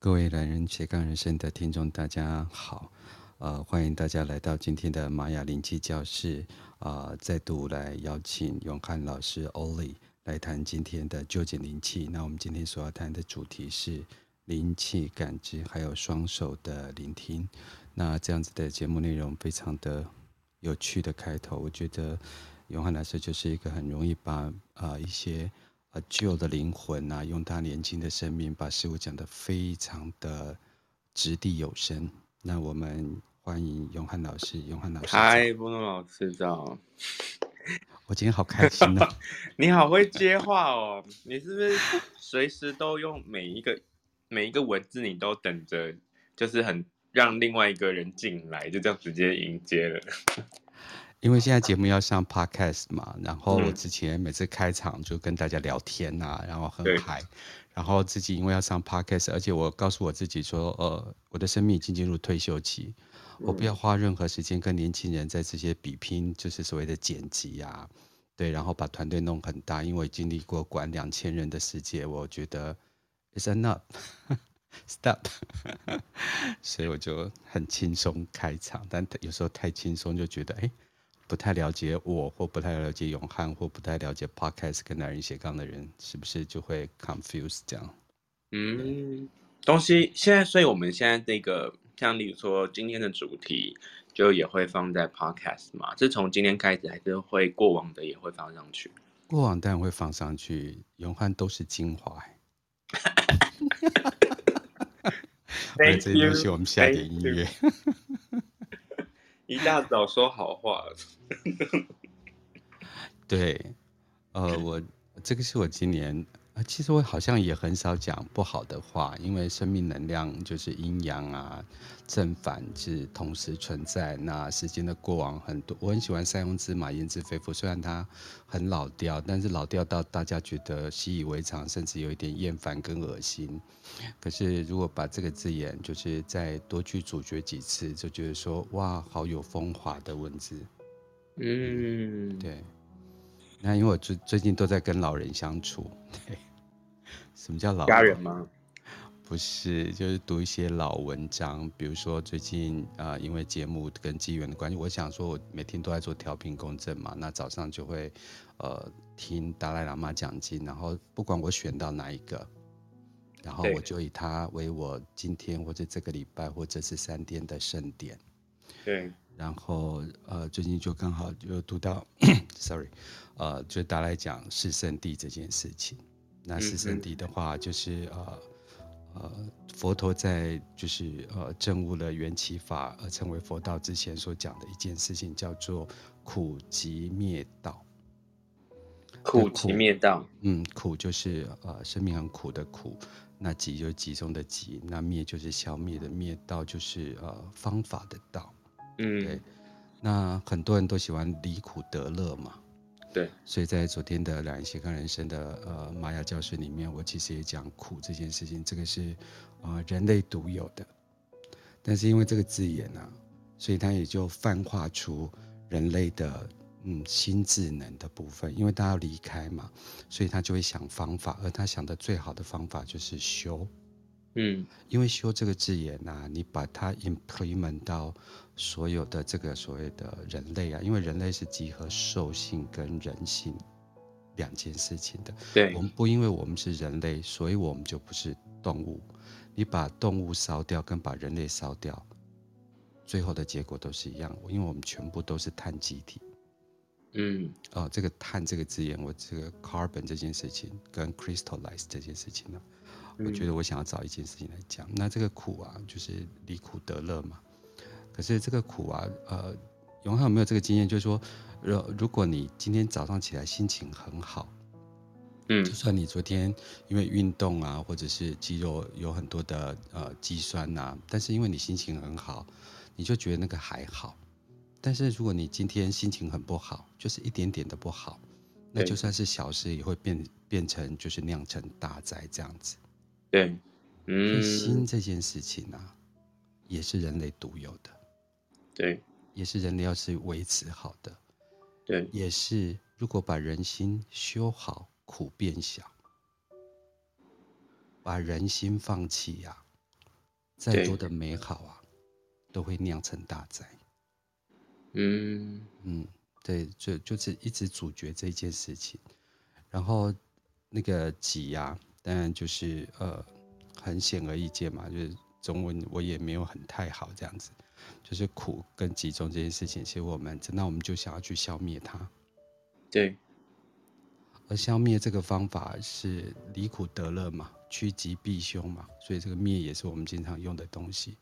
各位懶人斜槓人生的聽眾，大家好，呃，歡迎大家來到今天的馬雅靈氣教室，啊、呃，再度來邀請擁瀚老師 Oliver 來談今天的臼井靈氣。那我們今天所要談的主題是靈氣感知，還有雙手的聆聽。那這樣子的節目內容非常的有趣的開頭，我覺得擁瀚老師就是一個很容易把啊、呃、一些。呃，舊、啊、的靈魂啊，用他年輕的生命把事物講得非常的擲地有聲。那我們歡迎擁瀚老師，擁瀚老師，嗨 Bon 早，迎波老師，知道我今天好開心、啊、 你好會接話哦， 你是不是隨時都用每一個每一個文字，你都等着，就是很讓另外一個人進來，就這樣直接迎接了？ 因為現在節目要上 podcast 嘛，然後我之前每次開場就跟大家聊天啊，然後很嗨對，然後自己因為要上 podcast，而且我告訴我自己說，呃，我的生命已經進入退休期，嗯、我不要花任何時間跟年輕人在這些比拼，就是所謂的剪輯呀、啊，對，然後把團隊弄很大，因為我經歷過管兩千人的世界，我覺得 it's enough stop， 所以我就很輕鬆開場，但有時候太輕鬆就覺得哎。欸不太了解我，或不太了解擁瀚，或不太了解 Podcast 跟男人斜槓的人，是不是就會 confuse 這樣？嗯，東西現在，所以我們現在那個，像例如說今天的主題，就也會放在 Podcast 嘛。是從今天開始，還是會過往的也會放上去？過往當然會放上去，擁瀚都是精華。哈哈哈哈哈。來，這裡有請我們下一點音樂。Thank 一大早說好話， 對，呃，我這個是我今年。其實我好像也很少講不好的話，因為生命能量就是陰陽啊，正反是同時存在。那時間的過往很多，我很喜歡塞翁之馬，焉知非福，雖然它很老調，但是老調到大家覺得習以為常，甚至有一點厭煩跟惡心。可是如果把這個字眼，就是再多去咀嚼幾次，就覺得說哇，好有風華的文字。嗯，對。那因為我最最近都在跟老人相處。什麼叫老人家人嗎？不是，就是讀一些老文章，比如說最近啊、呃，因為節目跟機緣的關係，我想說，我每天都在做調頻共振嘛，那早上就會呃聽達賴喇嘛講經，然後不管我選到哪一個，然後我就以他為我今天或者這個禮拜或者是三天的盛典。對。然後呃，最近就剛好就讀到 ，sorry，呃，就達賴講是聖地這件事情。那四聖諦的話，就是呃呃，嗯、哼佛陀在就是呃證悟了緣起法而成為佛道之前所講的一件事情，叫做苦集滅道。苦集滅道，嗯，苦就是呃生命很苦的苦，那集就是集中的集，那滅就是消滅的滅，道就是呃方法的道。嗯，對。那很多人都喜歡離苦得樂嘛。對，所以在昨天的《兩型健康人生》的呃馬雅教室裡面，我其實也講苦這件事情，這個是啊、呃、人類獨有的，但是因為這個字眼呢、啊，所以它也就泛化出人類的嗯新智能的部分，因為它要離開嘛，所以他就會想方法，而他想的最好的方法就是修。嗯，因為修這個字眼啊，你把它 implement 到所有的這個所謂的人類啊，因為人類是集合獸性跟人性兩件事情的。對。我們不因為我們是人類，所以我們就不是動物。你把動物燒掉，跟把人類燒掉，最後的結果都是一樣，因為我們全部都是碳基體。嗯。哦，這個“碳”這個字眼，我這個 carbon 這件事情，跟 crystallize 這件事情呢、啊。我覺得我想要找一件事情來講，那這個苦啊，就是離苦得樂嘛。可是這個苦啊，呃，擁瀚有沒有這個經驗？就是說，如如果你今天早上起來心情很好，嗯，就算你昨天因為運動啊，或者是肌肉有很多的呃肌酸吶，但是因為你心情很好，你就覺得那個還好。但是如果你今天心情很不好，就是一點點的不好，那就算是小事也會變變成就是釀成大災這樣子。對，嗯，心這件事情呢、啊，也是人類獨有的，對，也是人類要是維持好的，對，也是如果把人心修好，苦變小；把人心放棄呀、啊，再多的美好啊，對都會釀成大災。嗯嗯，對，就就是一直主角這件事情，然後那個擠壓、啊。當然就是呃，很顯而易見嘛，就是中文我也沒有很太好這樣子，就是苦跟集中這件事情，其實我們真的我們就想要去消滅它，對。而消滅這個方法是離苦得樂嘛，趨吉避凶嘛，所以這個滅也是我們經常用的東西。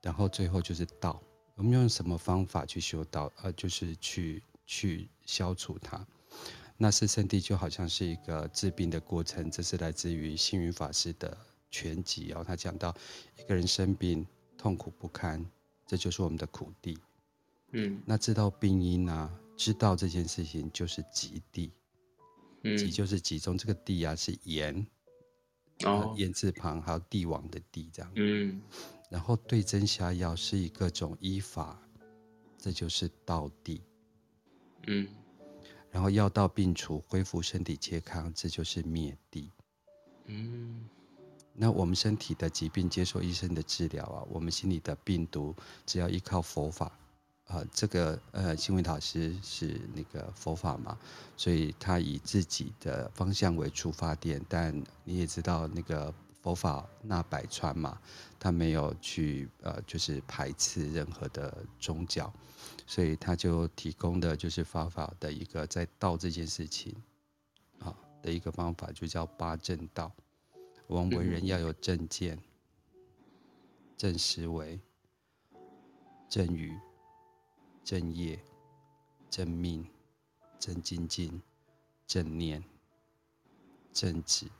然後最後就是道，我們用什麼方法去修道，呃，就是去去消除它。那四聖諦，就好像是一個治病的過程。這是來自於星雲法師的全集哦、喔，然後他講到一個人生病痛苦不堪，這就是我們的苦諦。嗯，那知道病因啊，知道這件事情就是集諦。嗯，集就是集中這個諦啊，是言，言字旁、哦、還有帝王的帝這樣。嗯，然後對症下藥是以各種醫法，這就是道諦。嗯。然後藥到病除，恢復身體健康，這就是滅地。嗯，那我們身體的疾病接受醫生的治療啊，我們心裡的病毒只要依靠佛法啊、呃。這個呃，新文老師是那個佛法嘛，所以他以自己的方向為出發點，但你也知道那個。佛法納百川嘛，他沒有去呃，就是排斥任何的宗教，所以他就提供的就是佛法的一個在道這件事情，啊的一個方法，就叫八正道。我們為人要有正見、正思維、正語、正業、正命、正精進、正念、正直。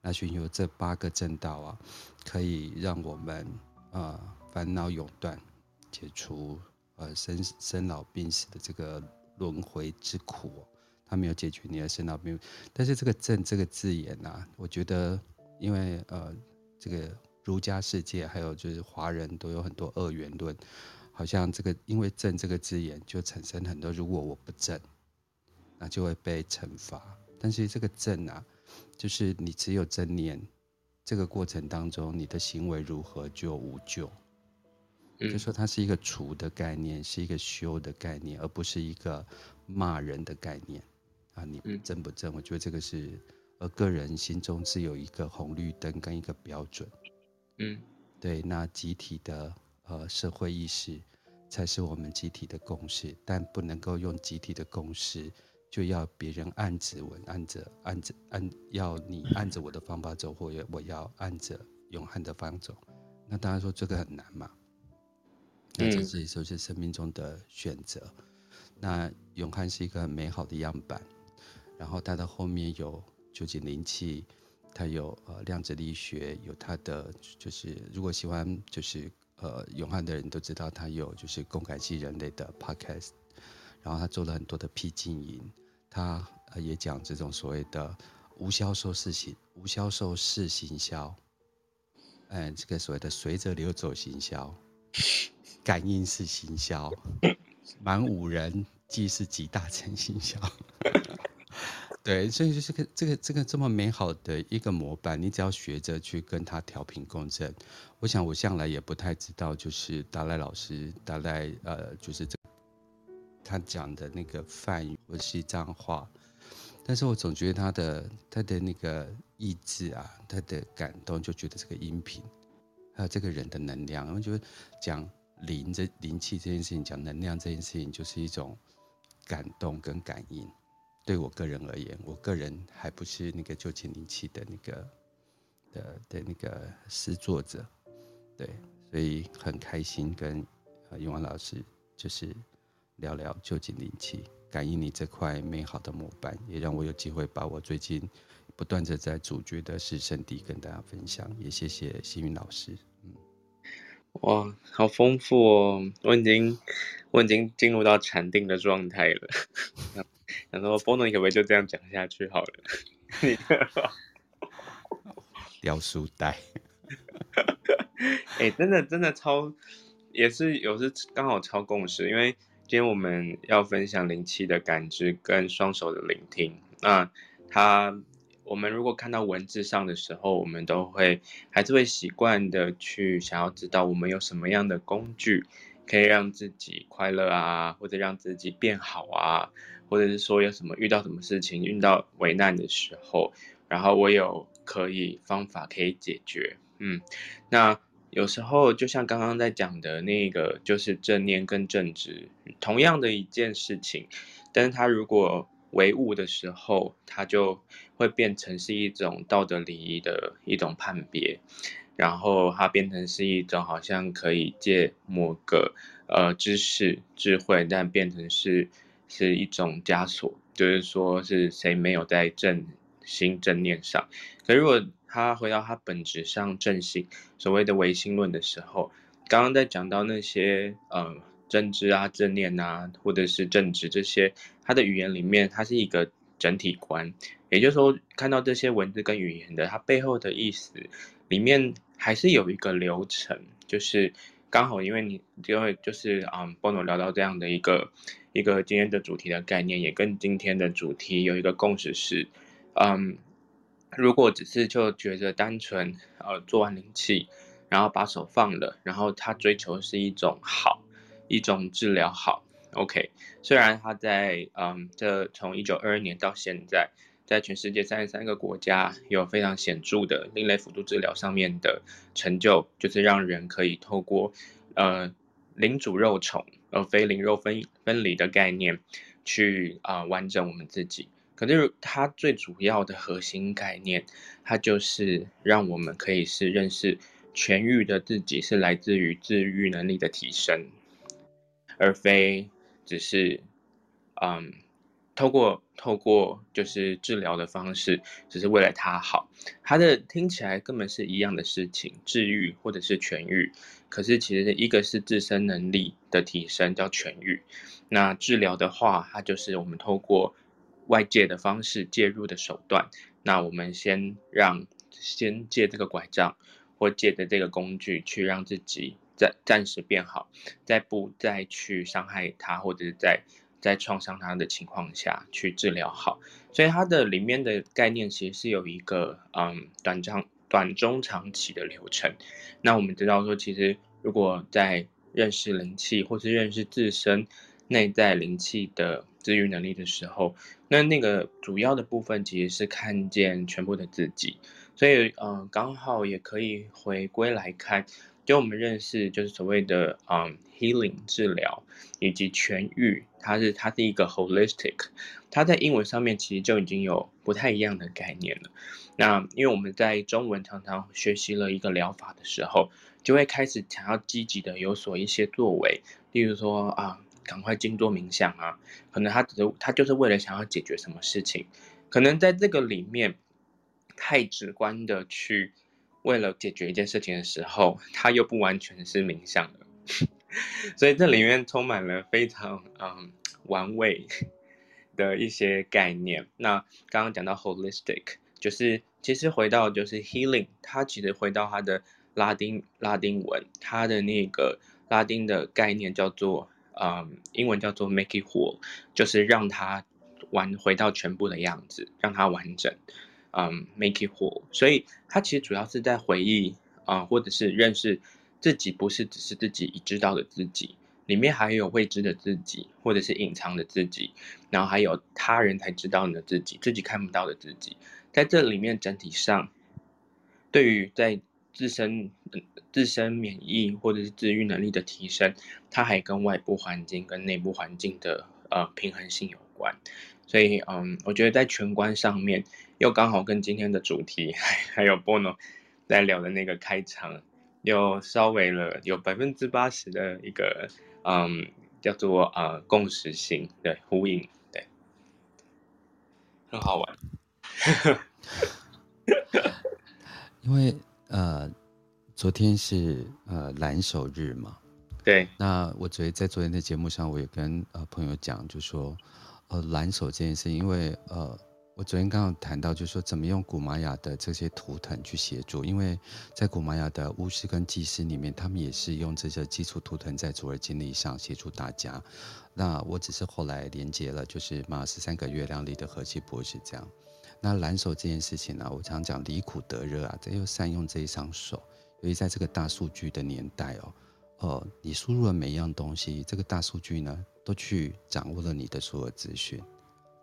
那尋求這八個正道啊，可以讓我們呃煩惱永斷，解除呃生生老病死的這個輪迴之苦。他沒有解決你的生老病，但是這個“正”這個字眼呐、啊，我覺得，因為呃這個儒家世界還有就是華人都有很多二元論，好像這個因為“正”這個字眼就產生很多，如果我不正，那就會被懲罰。但是這個“正”啊。就是你只有正念，這個過程當中，你的行為如何就無救。嗯、就是說它是一個除的概念，是一個修的概念，而不是一個罵人的概念。啊，你正不正？嗯、我覺得這個是，呃，個人心中是有一個紅綠燈跟一個標準。嗯，對。那集體的呃社會意識，才是我們集體的共識，但不能夠用集體的共識。就要別人按指紋，按着按着按，要你按着我的方法走，或者我要按着擁瀚的方向走。那當然說這個很難嘛。那這是一首是生命中的選擇。欸、那擁瀚是一個很美好的樣板。然後他的後面有臼井靈氣，他有呃量子力學，有他的就是，如果喜歡就是呃擁瀚的人都知道他有就是共感系人類的 podcast。然後他做了很多的 P 經營，他呃也講這種所謂的無銷售事情，無銷售式行銷，嗯，這個所謂的隨着流走行銷， 感應式行銷，滿 五人即是集大成行銷。 對，所以就是個這個、這個、這個這麼美好的一個模板，你只要學着去跟他調頻共振。我想我向來也不太知道就、呃，就是達賴老師，達賴呃就是這個。他講的那個梵語或是藏話，但是我總覺得他的他的那個意志啊，他的感動，就覺得這個音頻還有這個人的能量，我們就講靈這靈氣這件事情，講能量這件事情，就是一種感動跟感應。對我個人而言，我個人還不是那個臼井靈氣的那個的的那個始作者，對，所以很開心跟擁瀚、呃、老師就是。聊聊臼井靈氣，感應你這塊美好的模板，也讓我有機會把我最近不斷的在主角的試聖地跟大家分享。也謝謝幸運老師，嗯、哇，好豐富哦！我已經我已經進入到禪定的狀態了。想，想說：“波諾，可不可以就這樣講下去好了？”掉書袋，哎、 欸，真的真的超，也是有時剛好超共識，因為。今天我們要分享靈氣的感知跟雙手的聆聽。那它我們如果看到文字上的時候，我們都會還是會習慣的去想要知道，我們有什麼樣的工具可以讓自己快樂啊，或者讓自己變好啊，或者是說有什麼遇到什麼事情，遇到危難的時候，然後我有可以方法可以解決。嗯，那。有時候就像剛剛在講的那個，就是正念跟正直，同樣的一件事情，但是它如果唯物的時候，它就會變成是一種道德禮儀的一種判別，然後它變成是一種好像可以借某個呃知識智慧，但變成是是一種枷鎖，就是說是誰沒有在正心正念上，可如果。他回到他本質上，正是所謂的唯心論的時候，剛剛在講到那些呃正知啊、正念啊，或者是正直這些，他的語言裡面，他是一個整體觀，也就是說看到這些文字跟語言的它背後的意思裡面還是有一個流程，就是剛好因為你因為就是啊波諾聊到這樣的一個一個今天的主題的概念，也跟今天的主題有一個共識是，嗯。如果只是就覺得單純，呃，做完靈氣，然後把手放了，然後他追求是一種好，一種治療好，OK。雖然他在，嗯，這從一九二二年到現在，在全世界三十三個國家有非常顯著的另類輔助治療上面的成就，就是讓人可以透過，呃，靈主肉從，而非靈肉分分離的概念，去啊、呃、完整我們自己。可是它最主要的核心概念，它就是讓我們可以是認識痊癒的自己，是來自於治癒能力的提升，而非只是嗯，透過透過就是治療的方式，只是為了他好。它的聽起來根本是一樣的事情，治癒或者是痊癒。可是其實一個是自身能力的提升叫痊癒，那治療的話，它就是我們透過。外界的方式介入的手段，那我們先讓先借這個拐杖，或借着這個工具去讓自己暫暫時變好，再不再去傷害他，或者是在在創傷他的情況下去治療好。所以它的裡面的概念其實是有一個嗯，短長短中長期的流程。那我們知道說，其實如果在認識靈氣，或是認識自身內在靈氣的治癒能力的時候，那那個主要的部分其實是看見全部的自己，所以嗯，剛好也可以回歸來看，就我們認識就是所謂的嗯 healing 治療以及痊癒，它是它是一個 holistic，它在英文上面其實就已經有不太一樣的概念了。那因為我們在中文常常學習了一個療法的時候，就會開始想要積極的有所一些作為，例如說啊。趕快靜坐冥想啊！可能他只是他就是為了想要解決什麼事情，可能在這個裡面太直觀的去為了解決一件事情的時候，他又不完全是冥想的。 所以這裡面充滿了非常嗯玩味的一些概念。那剛剛講到 holistic，就是其實回到就是 healing，它其實回到它的拉丁拉丁文，它的那個拉丁的概念叫做。嗯，um, 英文叫做 make it whole，就是讓它完回到全部的樣子，讓它完整。嗯，um，make it whole，所以它其實主要是在回憶啊、呃，或者是認識自己，不是只是自己已知道的自己，裡面還有未知的自己，或者是隱藏的自己，然後還有他人才知道你的自己，自己看不到的自己，在這裡面整體上，對於在。自身自身免疫或者是自癒能力的提升，它還跟外部環境跟內部環境的呃平衡性有關。所以，嗯，我覺得在全關上面，又剛好跟今天的主題還有波諾在聊的那個開場，又稍微了有百分之八十的一個嗯叫做啊、呃、共識性的呼應，對，很好玩， 因為。呃，昨天是呃藍手日嘛，對。那我昨天在昨天的節目上，我也跟呃朋友講，就說呃藍手這件事，因為呃我昨天剛好談到，就是說怎麼用古瑪雅的這些圖騰去協助，因為在古瑪雅的巫師跟祭司裡面，他們也是用這些基礎圖騰在卓爾經歷上協助大家。那我只是後來連接了，就是馬十三個月亮曆的荷西博士這樣。那藍手這件事情呢、啊，我常講離苦得樂啊，這又善用這一雙手。因為在這個大數據的年代哦、喔，哦、呃，你輸入了每一樣東西，這個大數據呢，都去掌握了你的所有資訊，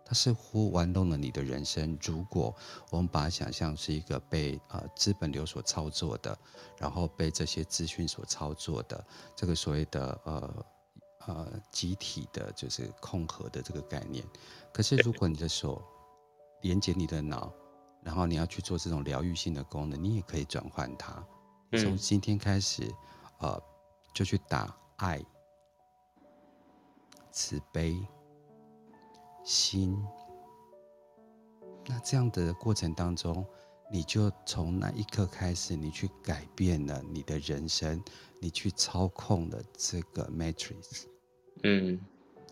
它似乎玩弄了你的人生。如果我們把它想象是一個被呃資本流所操作的，然後被這些資訊所操作的這個所謂的呃呃集體的就是空殼的這個概念，可是如果你的手，欸連接你的腦，然後你要去做這種療癒性的功能，你也可以轉換它。從、嗯、今天開始，呃，就去打愛、慈悲、心。那這樣的過程當中，你就從那一刻開始，你去改變了你的人生，你去操控了這個 Matrix。嗯，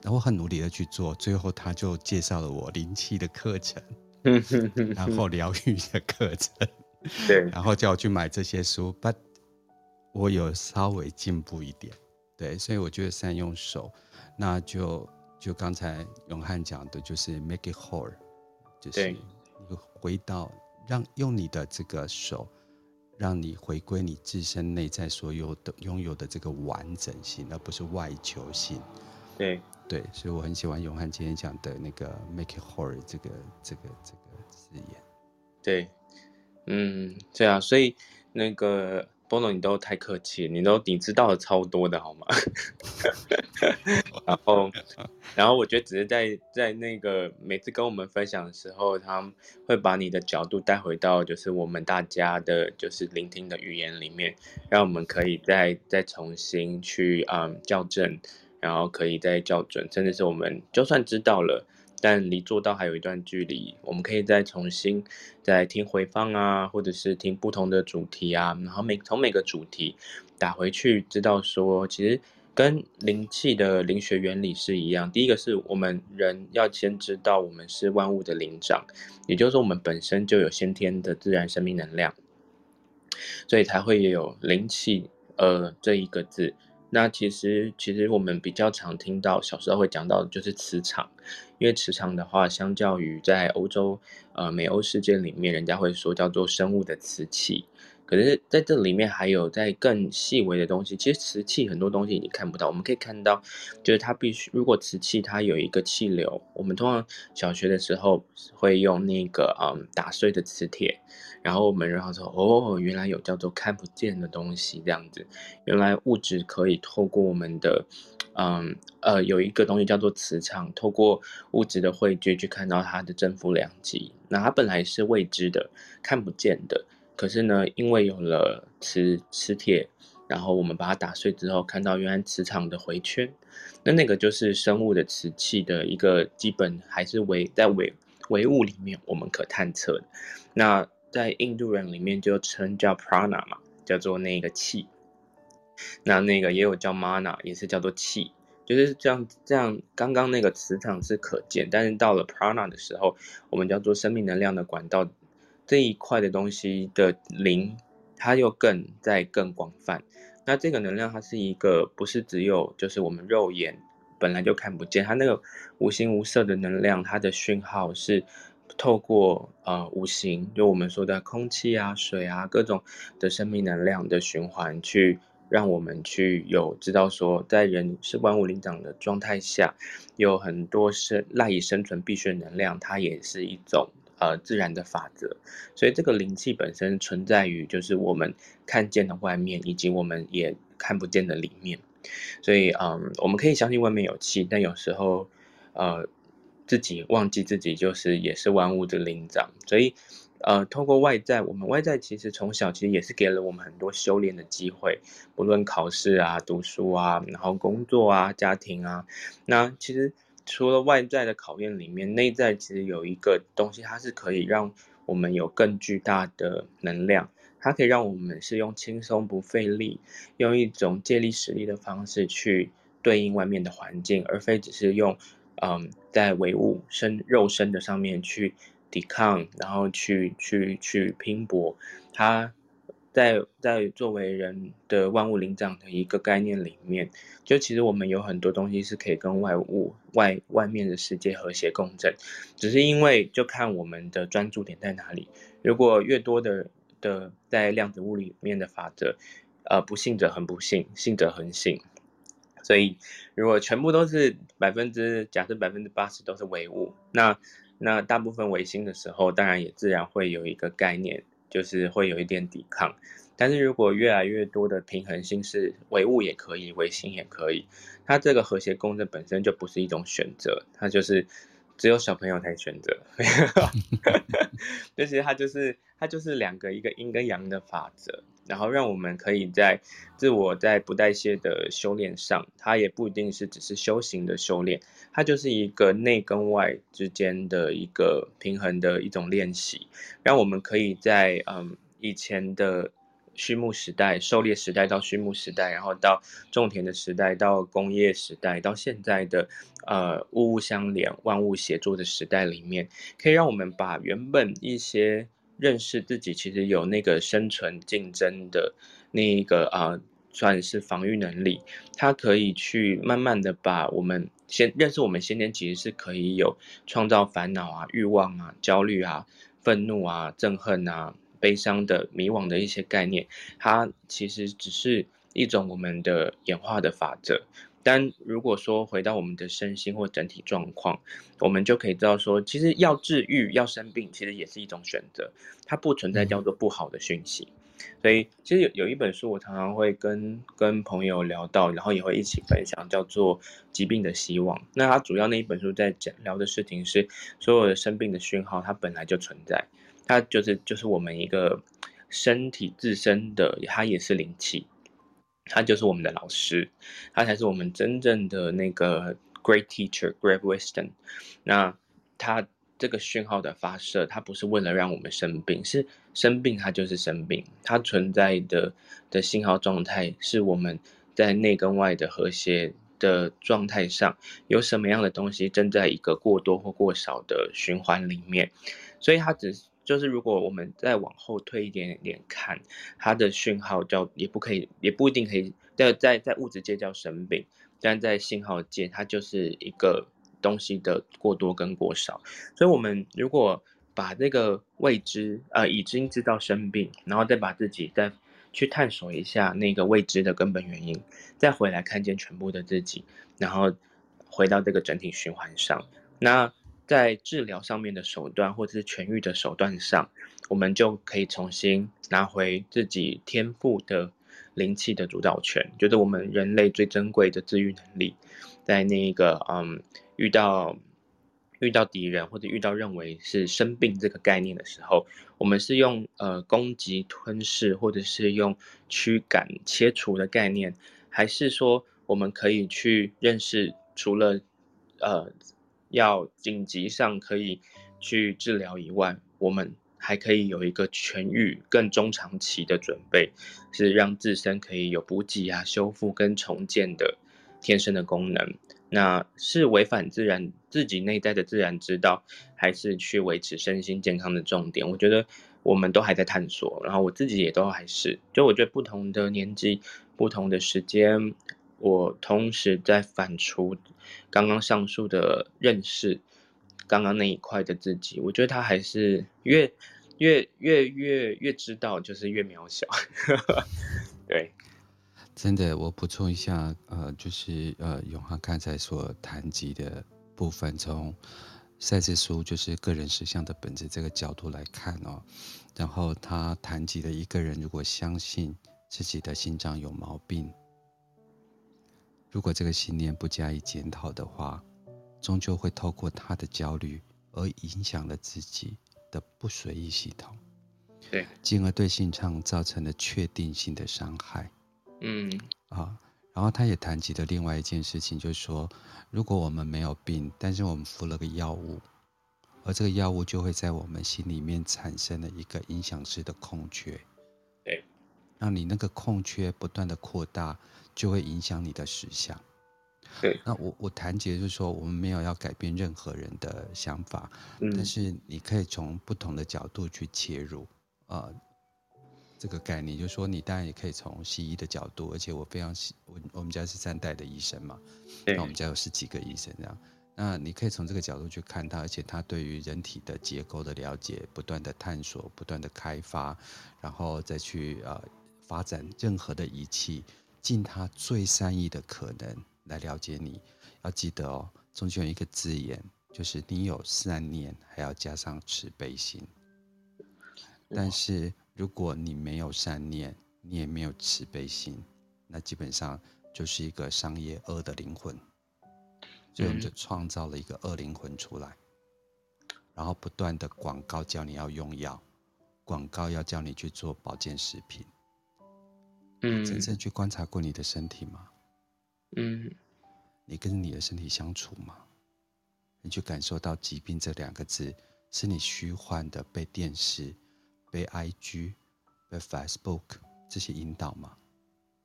然後我很努力的去做，最後他就介紹了我靈氣的課程。 然後療癒的課程，對，然後叫我去買這些書。But 我有稍微進步一點，對，所以我就善用手。那就就剛才擁瀚講的，就是 make it whole，就是回到對讓用你的這個手，讓你回歸你自身內在所有的擁有的這個完整性，而不是外求性。對。對，所以我很喜歡擁瀚今天講的那個 “make it horrid” 這個、這個、這個字眼。對，嗯，對啊，所以那個波羅，Bono, 你都太客氣，你都你知道的超多的好嗎？ 然後， 然後我覺得只是在在那個每次跟我們分享的時候，他會把你的角度帶回到就是我們大家的，就是聆聽的語言裡面，讓我們可以再再重新去嗯校正。然後可以再校準，甚至是我們就算知道了，但離做到還有一段距離。我們可以再重新再聽回放啊，或者是聽不同的主題啊，然後每從每個主題打回去，知道說其實跟靈氣的靈學原理是一樣。第一個是我們人要先知道我們是萬物的靈長，也就是說我們本身就有先天的自然生命能量，所以才會有靈氣。呃，這一個字。那其實，其實我們比較常聽到小時候會講到的就是磁場，因為磁場的話，相較於在歐洲、呃美歐世界裡面，人家會說叫做生物的磁器。可是在這裡面還有在更細微的東西，其實磁器很多東西你看不到，我們可以看到，就是它必須如果磁器它有一個氣流，我們通常小學的時候會用那個嗯打碎的磁鐵，然後我們然後說哦原來有叫做看不見的東西這樣子，原來物質可以透過我們的嗯呃有一個東西叫做磁場，透過物質的匯聚去看到它的正負兩極，那它本來是未知的看不見的。可是呢，因為有了磁磁鐵，然後我們把它打碎之後，看到原來磁場的回圈，那那個就是生物的磁氣的一個基本，還是維在維維物裡面我們可探測的。那在印度人裡面就稱叫 prana 嘛，叫做那個氣。那那個也有叫 mana，也是叫做氣，就是這樣這樣。剛剛那個磁場是可見，但是到了 prana 的時候，我們叫做生命能量的管道。這一塊的東西的靈，它又更再更廣泛。那這個能量，它是一個不是只有，就是我們肉眼本來就看不見，它那個無形無色的能量，它的訊號是透過呃無形，就我們說的空氣啊、水啊、各種的生命能量的循環，去讓我們去有知道說，在人是萬物靈長的狀態下，有很多生賴以生存必需的能量，它也是一種。呃，自然的法則，所以這個靈氣本身存在於就是我們看見的外面，以及我們也看不見的裡面。所以，嗯、呃，我們可以相信外面有氣，但有時候，呃，自己忘記自己就是也是萬物的靈長。所以，呃，透過外在，我們外在其實從小其實也是給了我們很多修煉的機會，不論考試啊、讀書啊、然後工作啊、家庭啊，那其實。除了外在的考驗，裡面內在其實有一個東西，它是可以讓我們有更巨大的能量，它可以讓我們是用輕鬆不費力，用一種借力使力的方式去對應外面的環境，而非只是用，嗯，在唯物身肉身的上面去抵抗，然後去去去拼搏，它。在在作為人的萬物靈長的一個概念裡面，就其實我們有很多東西是可以跟外物、外外面的世界和諧共振，只是因為就看我們的專注點在哪裡。如果越多的的在量子物理裡面的法則，呃，不信者恆不信，信者恆信。所以如果全部都是百分之，假設百分之八十都是唯物，那那大部分唯心的時候，當然也自然會有一個概念。就是會有一點抵抗，但是如果越來越多的平衡性是唯物也可以，唯心也可以，它這個和諧共振本身就不是一種選擇，它就是只有小朋友才選擇。 就是它，就是它，就是兩個一個陰跟陽的法則，然後讓我們可以在自我在不代謝的修煉上，它也不一定是只是修行的修煉，它就是一個內跟外之間的一個平衡的一種練習，讓我們可以在嗯以前的。畜牧時代、狩獵時代到畜牧時代，然後到種田的時代，到工業時代，到現在的呃物物相連、萬物協作的時代裡面，可以讓我們把原本一些認識自己其實有那個生存競爭的那一個啊、呃，算是防禦能力，它可以去慢慢的把我們先認識我們先天其實是可以有創造煩惱啊、慾望啊、焦慮啊、憤怒啊、憎恨啊。悲傷的、迷惘的一些概念，它其實只是一種我們的演化的法則。但如果說回到我們的身心或整體狀況，我們就可以知道說，其實要治癒、要生病，其實也是一種選擇。它不存在叫做不好的訊息。所以，其實有有一本書，我常常會跟跟朋友聊到，然後也會一起分享，叫做《疾病的希望》。那它主要那一本書在講聊的事情是，所有的生病的訊號，它本來就存在。它就是就是我們一個身體自身的，它也是靈氣，它就是我們的老師，它才是我們真正的那個 Great Teacher Great Wisdom。那它這個訊號的發射，它不是為了讓我們生病，是生病它就是生病，它存在的的信號狀態是我們在內跟外的和諧的狀態上有什麼樣的東西正在一個過多或過少的循環裡面，所以它只。就是如果我們再往後退一點點看，它的訊號就也不可以，也不一定可以。在在在物質界叫生病，但在信號界，它就是一個東西的過多跟過少。所以，我們如果把那個未知，呃，已經知道生病，然後再把自己再去探索一下那個未知的根本原因，再回來看見全部的自己，然後回到這個整體循環上，那。在治療上面的手段，或者是痊癒的手段上，我們就可以重新拿回自己天賦的靈氣的主導權。覺得我們人類最珍貴的治愈能力，在那個嗯，遇到遇到敵人，或者遇到認為是生病這個概念的時候，我們是用呃攻擊、吞噬，或者是用驅趕、切除的概念，還是說我們可以去認識，除了呃。要緊急上可以去治療以外，我們還可以有一個痊癒更中長期的準備，是讓自身可以有補給啊、修復跟重建的天生的功能。那是違反自然，自己內在的自然之道，還是去維持身心健康的重點？我覺得我們都還在探索，然後我自己也都還是，就我覺得不同的年紀、不同的時間。我同時在反芻剛剛上述的認識，剛剛那一塊的自己，我覺得他還是越越越越越知道，就是越渺小。 對，真的，我補充一下，呃，就是呃，擁瀚剛才所談及的部分，從賽斯書就是個人實相的本質這個角度來看哦，然後他談及的一個人如果相信自己的心臟有毛病。如果這個信念不加以檢討的話，終究會透過他的焦慮而影響了自己的不隨意系統，對，進而對心臟造成了確定性的傷害。嗯，啊，然後他也談及了另外一件事情，就是說，如果我們沒有病，但是我們服了個藥物，而這個藥物就會在我們心裡面產生了一個影響式的空缺，對，讓你那個空缺不斷的擴大。就會影響你的實相，對。那我我談結就是說，我們沒有要改變任何人的想法，嗯，但是你可以從不同的角度去切入，呃，這個概念就是說，你當然也可以從西醫的角度，而且我非常喜，我我們家是三代的醫生嘛，對那我們家有十幾個醫生這樣，那你可以從這個角度去看它，而且它對於人體的結構的了解，不斷的探索，不斷的開發，然後再去呃發展任何的儀器。盡他最善意的可能來了解你，要記得哦，中間有一個字眼，就是你有善念，還要加上慈悲心。但是如果你沒有善念，你也沒有慈悲心，那基本上就是一個商業惡的靈魂，所以我們就創造了一個惡靈魂出來，嗯、然後不斷的廣告叫你要用藥，廣告要叫你去做保健食品。你真正去觀察過你的身體嗎？嗯，你跟你的身體相處嗎？你去感受到疾病這兩個字是你虛幻的被電視、被 IG、被 Facebook 這些引導嗎？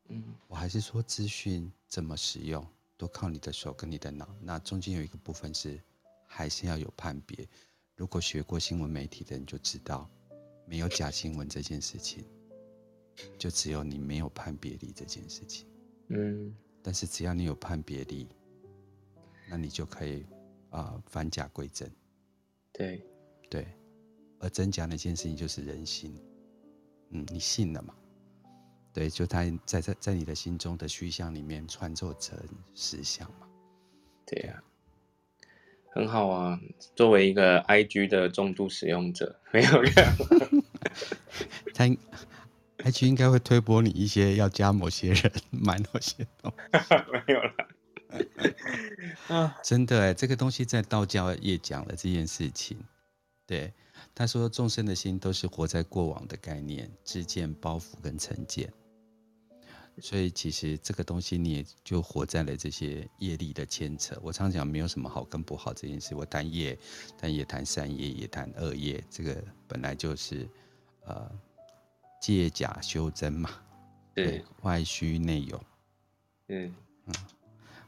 嗯，我還是說資訊怎麼使用，都靠你的手跟你的腦。那中間有一個部分是還是要有判別。如果學過新聞媒體的人就知道，沒有假新聞這件事情。就只有你沒有判別力這件事情，嗯，但是只要你有判別力，那你就可以啊、呃，反假歸真，對，對，而真假那件事情就是人心，嗯，你信了嘛？對，就它在在在你的心中的虛像裡面穿作成實像嘛？對呀、啊啊，很好啊，作為一個 I G 的重度使用者，沒有看， IQ 應該會推播你一些要加某些人買某些東西， 沒有啦，啊，真的哎、欸，這個東西在道教也講了這件事情。對，他說眾生的心都是活在過往的概念、執見包袱跟成見，所以其實這個東西你也就活在了這些業力的牽扯。我常講沒有什麼好跟不好這件事，我談業，但也談善業，也談惡業，這個本來就是呃。借假修真嘛，對，外虛內有，嗯對嗯，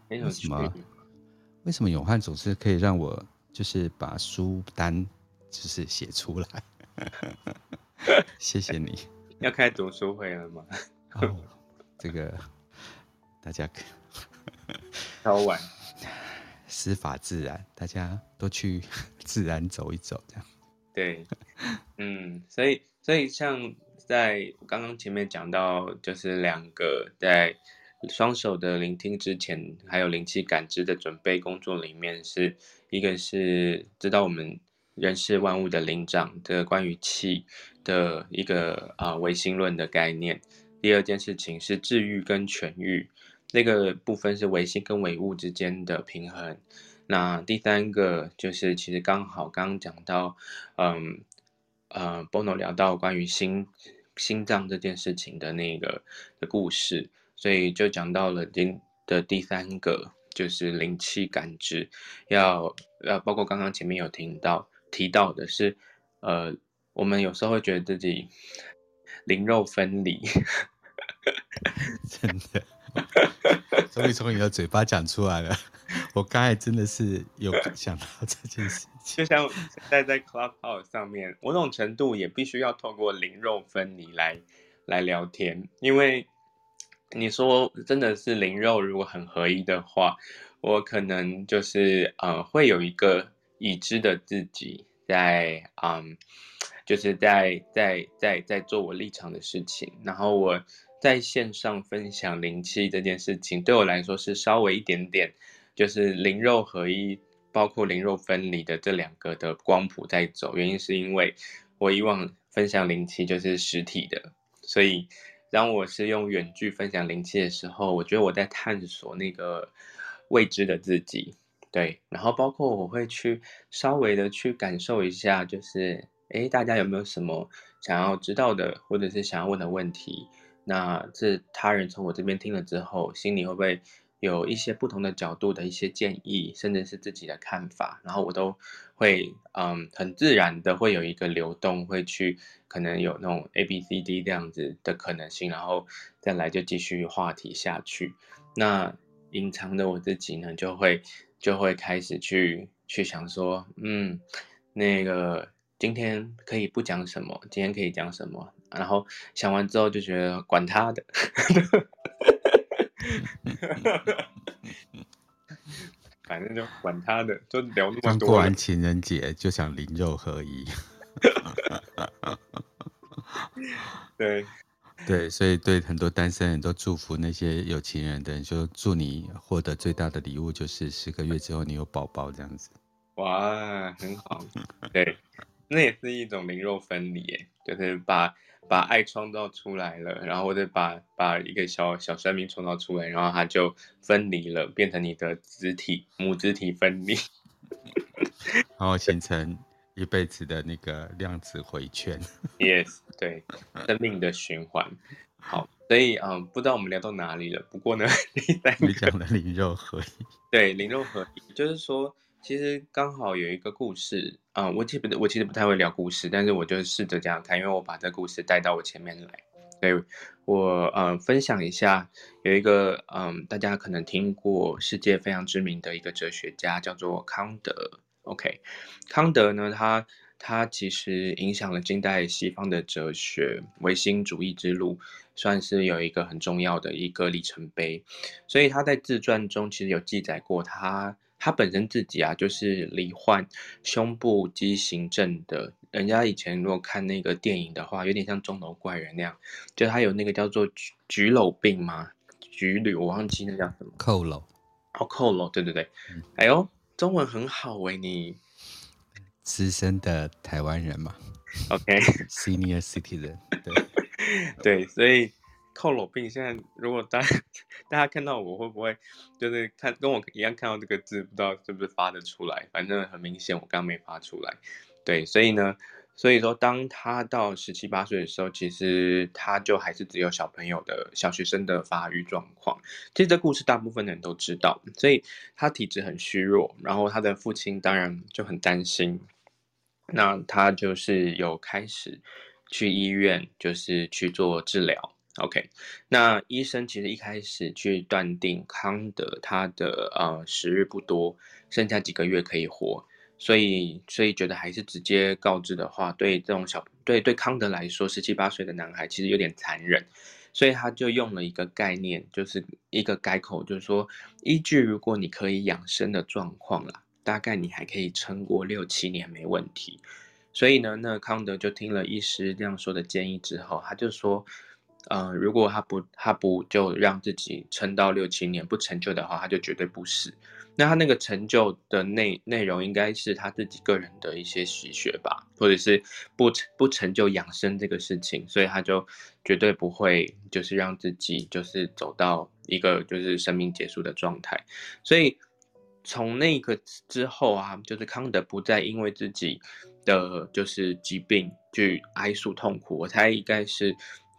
沒有什麼，為什麼擁瀚總是可以讓我就是把書單就是寫出來？ 謝謝你， 要開讀書會了嗎？ 哦，這個大家可稍晚。玩師法自然，大家都去自然走一走，這樣對，嗯，所以所以像。在剛剛前面講到，就是兩個在雙手的聆聽之前，還有靈氣感知的準備工作裡面，是一個是知道我們人是萬物的靈長的關於氣的一個啊唯心論的概念。第二件事情是治癒跟痊愈那個部分是唯心跟唯物之間的平衡。那第三個就是其實剛好剛剛講到，嗯。呃，Bono 聊到關於心、心臟這件事情的那個的故事，所以就講到了第的第三個，就是靈氣感知，要要包括剛剛前面有聽到提到的是，呃，我們有時候會覺得自己靈肉分離，真的，終於從你的嘴巴講出來了。我剛才真的是有想到這件事， 就像現在在 Clubhouse 上面，某種程度也必須要透過靈肉分離來來聊天，因為你說真的是靈肉如果很合一的話，我可能就是呃會有一個已知的自己在，嗯，就是在在在在做我立場的事情，然後我在線上分享靈氣這件事情，對我來說是稍微一點點。就是靈肉合一，包括靈肉分離的這兩個的光譜在走。原因是因為我以往分享靈氣就是實體的，所以當我是用遠距分享靈氣的時候，我覺得我在探索那個未知的自己。對，然後包括我會去稍微的去感受一下，就是誒、欸，大家有沒有什麼想要知道的，或者是想要問的問題？那這他人從我這邊聽了之後，心裡會不會？有一些不同的角度的一些建議，甚至是自己的看法，然後我都會，嗯，很自然的會有一個流動，會去可能有那種 A B C D 這樣子的可能性，然後再來就繼續話題下去。那隱藏的我自己呢，就會就會開始去去想說，嗯，那個今天可以不講什麼，今天可以講什麼，然後想完之後就覺得管他的。 反正就管他的，就聊那麼多。剛過完情人節，就想靈肉合一。 對對，所以對很多單身人都祝福那些有情人的人，就祝你獲得最大的禮物，就是十個月之後你有寶寶這樣子。哇，很好，對，那也是一種靈肉分離，就是把。把愛創造出來了，然後我再把把一個小小生命創造出來，然後它就分離了，變成你的肢體、母子體分離，然後、哦、形成一輩子的那個量子回圈。 Yes，對生命的循環。 好，所以啊、嗯，不知道我們聊到哪裡了。不過呢，你講的靈肉合一，對靈肉合一，就是說，其實剛好有一個故事。嗯，我基本我其實不太會聊故事，但是我就試着這樣看，因為我把這故事帶到我前面來，對，我呃分享一下，有一個嗯、呃、大家可能聽過世界非常知名的一個哲學家叫做康德，OK，康德呢，他他其實影響了近代西方的哲學，唯心主義之路算是有一個很重要的一個里程碑，所以他在自傳中其實有記載過他。他本身自己啊，就是罹患胸部畸形症的。人家以前如果看那個電影的話，有點像鐘樓怪人那樣，就他有那個叫做舉舉僂病嗎？舉僂，我忘記那叫什麼。佝僂樓。哦，佝僂，對對對。嗯、哎呦，中文很好為、欸、你，資深的台灣人嘛。OK，Senior Okay Citizen。對 對，所以。.佝僂病現在，如果大家大家看到我會不會就是看，跟我一樣看到這個字，不知道是不是發得出來？反正很明顯，我剛沒發出來。對，所以呢，所以說當他到十七八歲的時候，其實他就還是只有小朋友的小學生的發育狀況。其實這故事大部分人都知道，所以他體質很虛弱，然後他的父親當然就很擔心。那他就是有開始去醫院，就是去做治療。OK，那醫生其實一開始去斷定康德他的呃時日不多，剩下幾個月可以活，所以所以覺得還是直接告知的話，對這種小對對康德來說，十七八歲的男孩其實有點殘忍，所以他就用了一個概念，就是一個改口，就是說依據如果你可以養生的狀況啦，大概你還可以撐過六七年沒問題。所以呢，那康德就聽了醫師這樣說的建議之後，他就說。嗯、呃，如果他不他不就讓自己撐到六七年不成就的話，他就絕對不死。那他那個成就的內內容應該是他自己個人的一些喜悅吧，或者是不不成就養生這個事情，所以他就絕對不會就是讓自己就是走到一個就是生命結束的狀態。所以從那個之後啊，就是康德不再因為自己的就是疾病去哀訴痛苦，我猜應該是。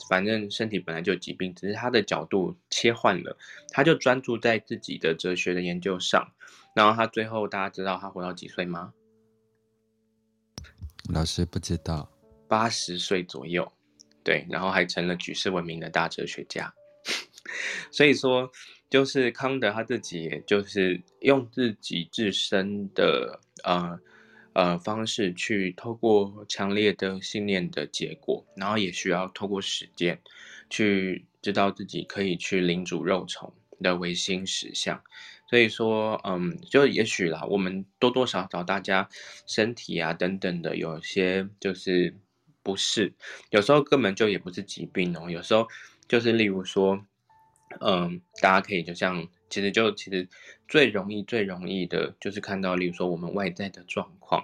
反正身體本來就有疾病，只是他的角度切換了，他就專注在自己的哲學的研究上。然後他最後大家知道他活到幾歲嗎？老師不知道，八十歲左右，對，然後還成了舉世聞名的大哲學家。 所以說，就是康德他自己，也就是用自己自身的呃。呃，方式去透過強烈的信念的結果，然後也需要透過時間去知道自己可以去領主肉蟲的唯心實相。所以說，嗯，就也許啦，我們多多少少大家身體啊等等的有些就是不適，有時候根本就也不是疾病哦、喔，有時候就是例如說，嗯，大家可以就這樣，其實就其實。最容易、最容易的就是看到，例如說我們外在的狀況，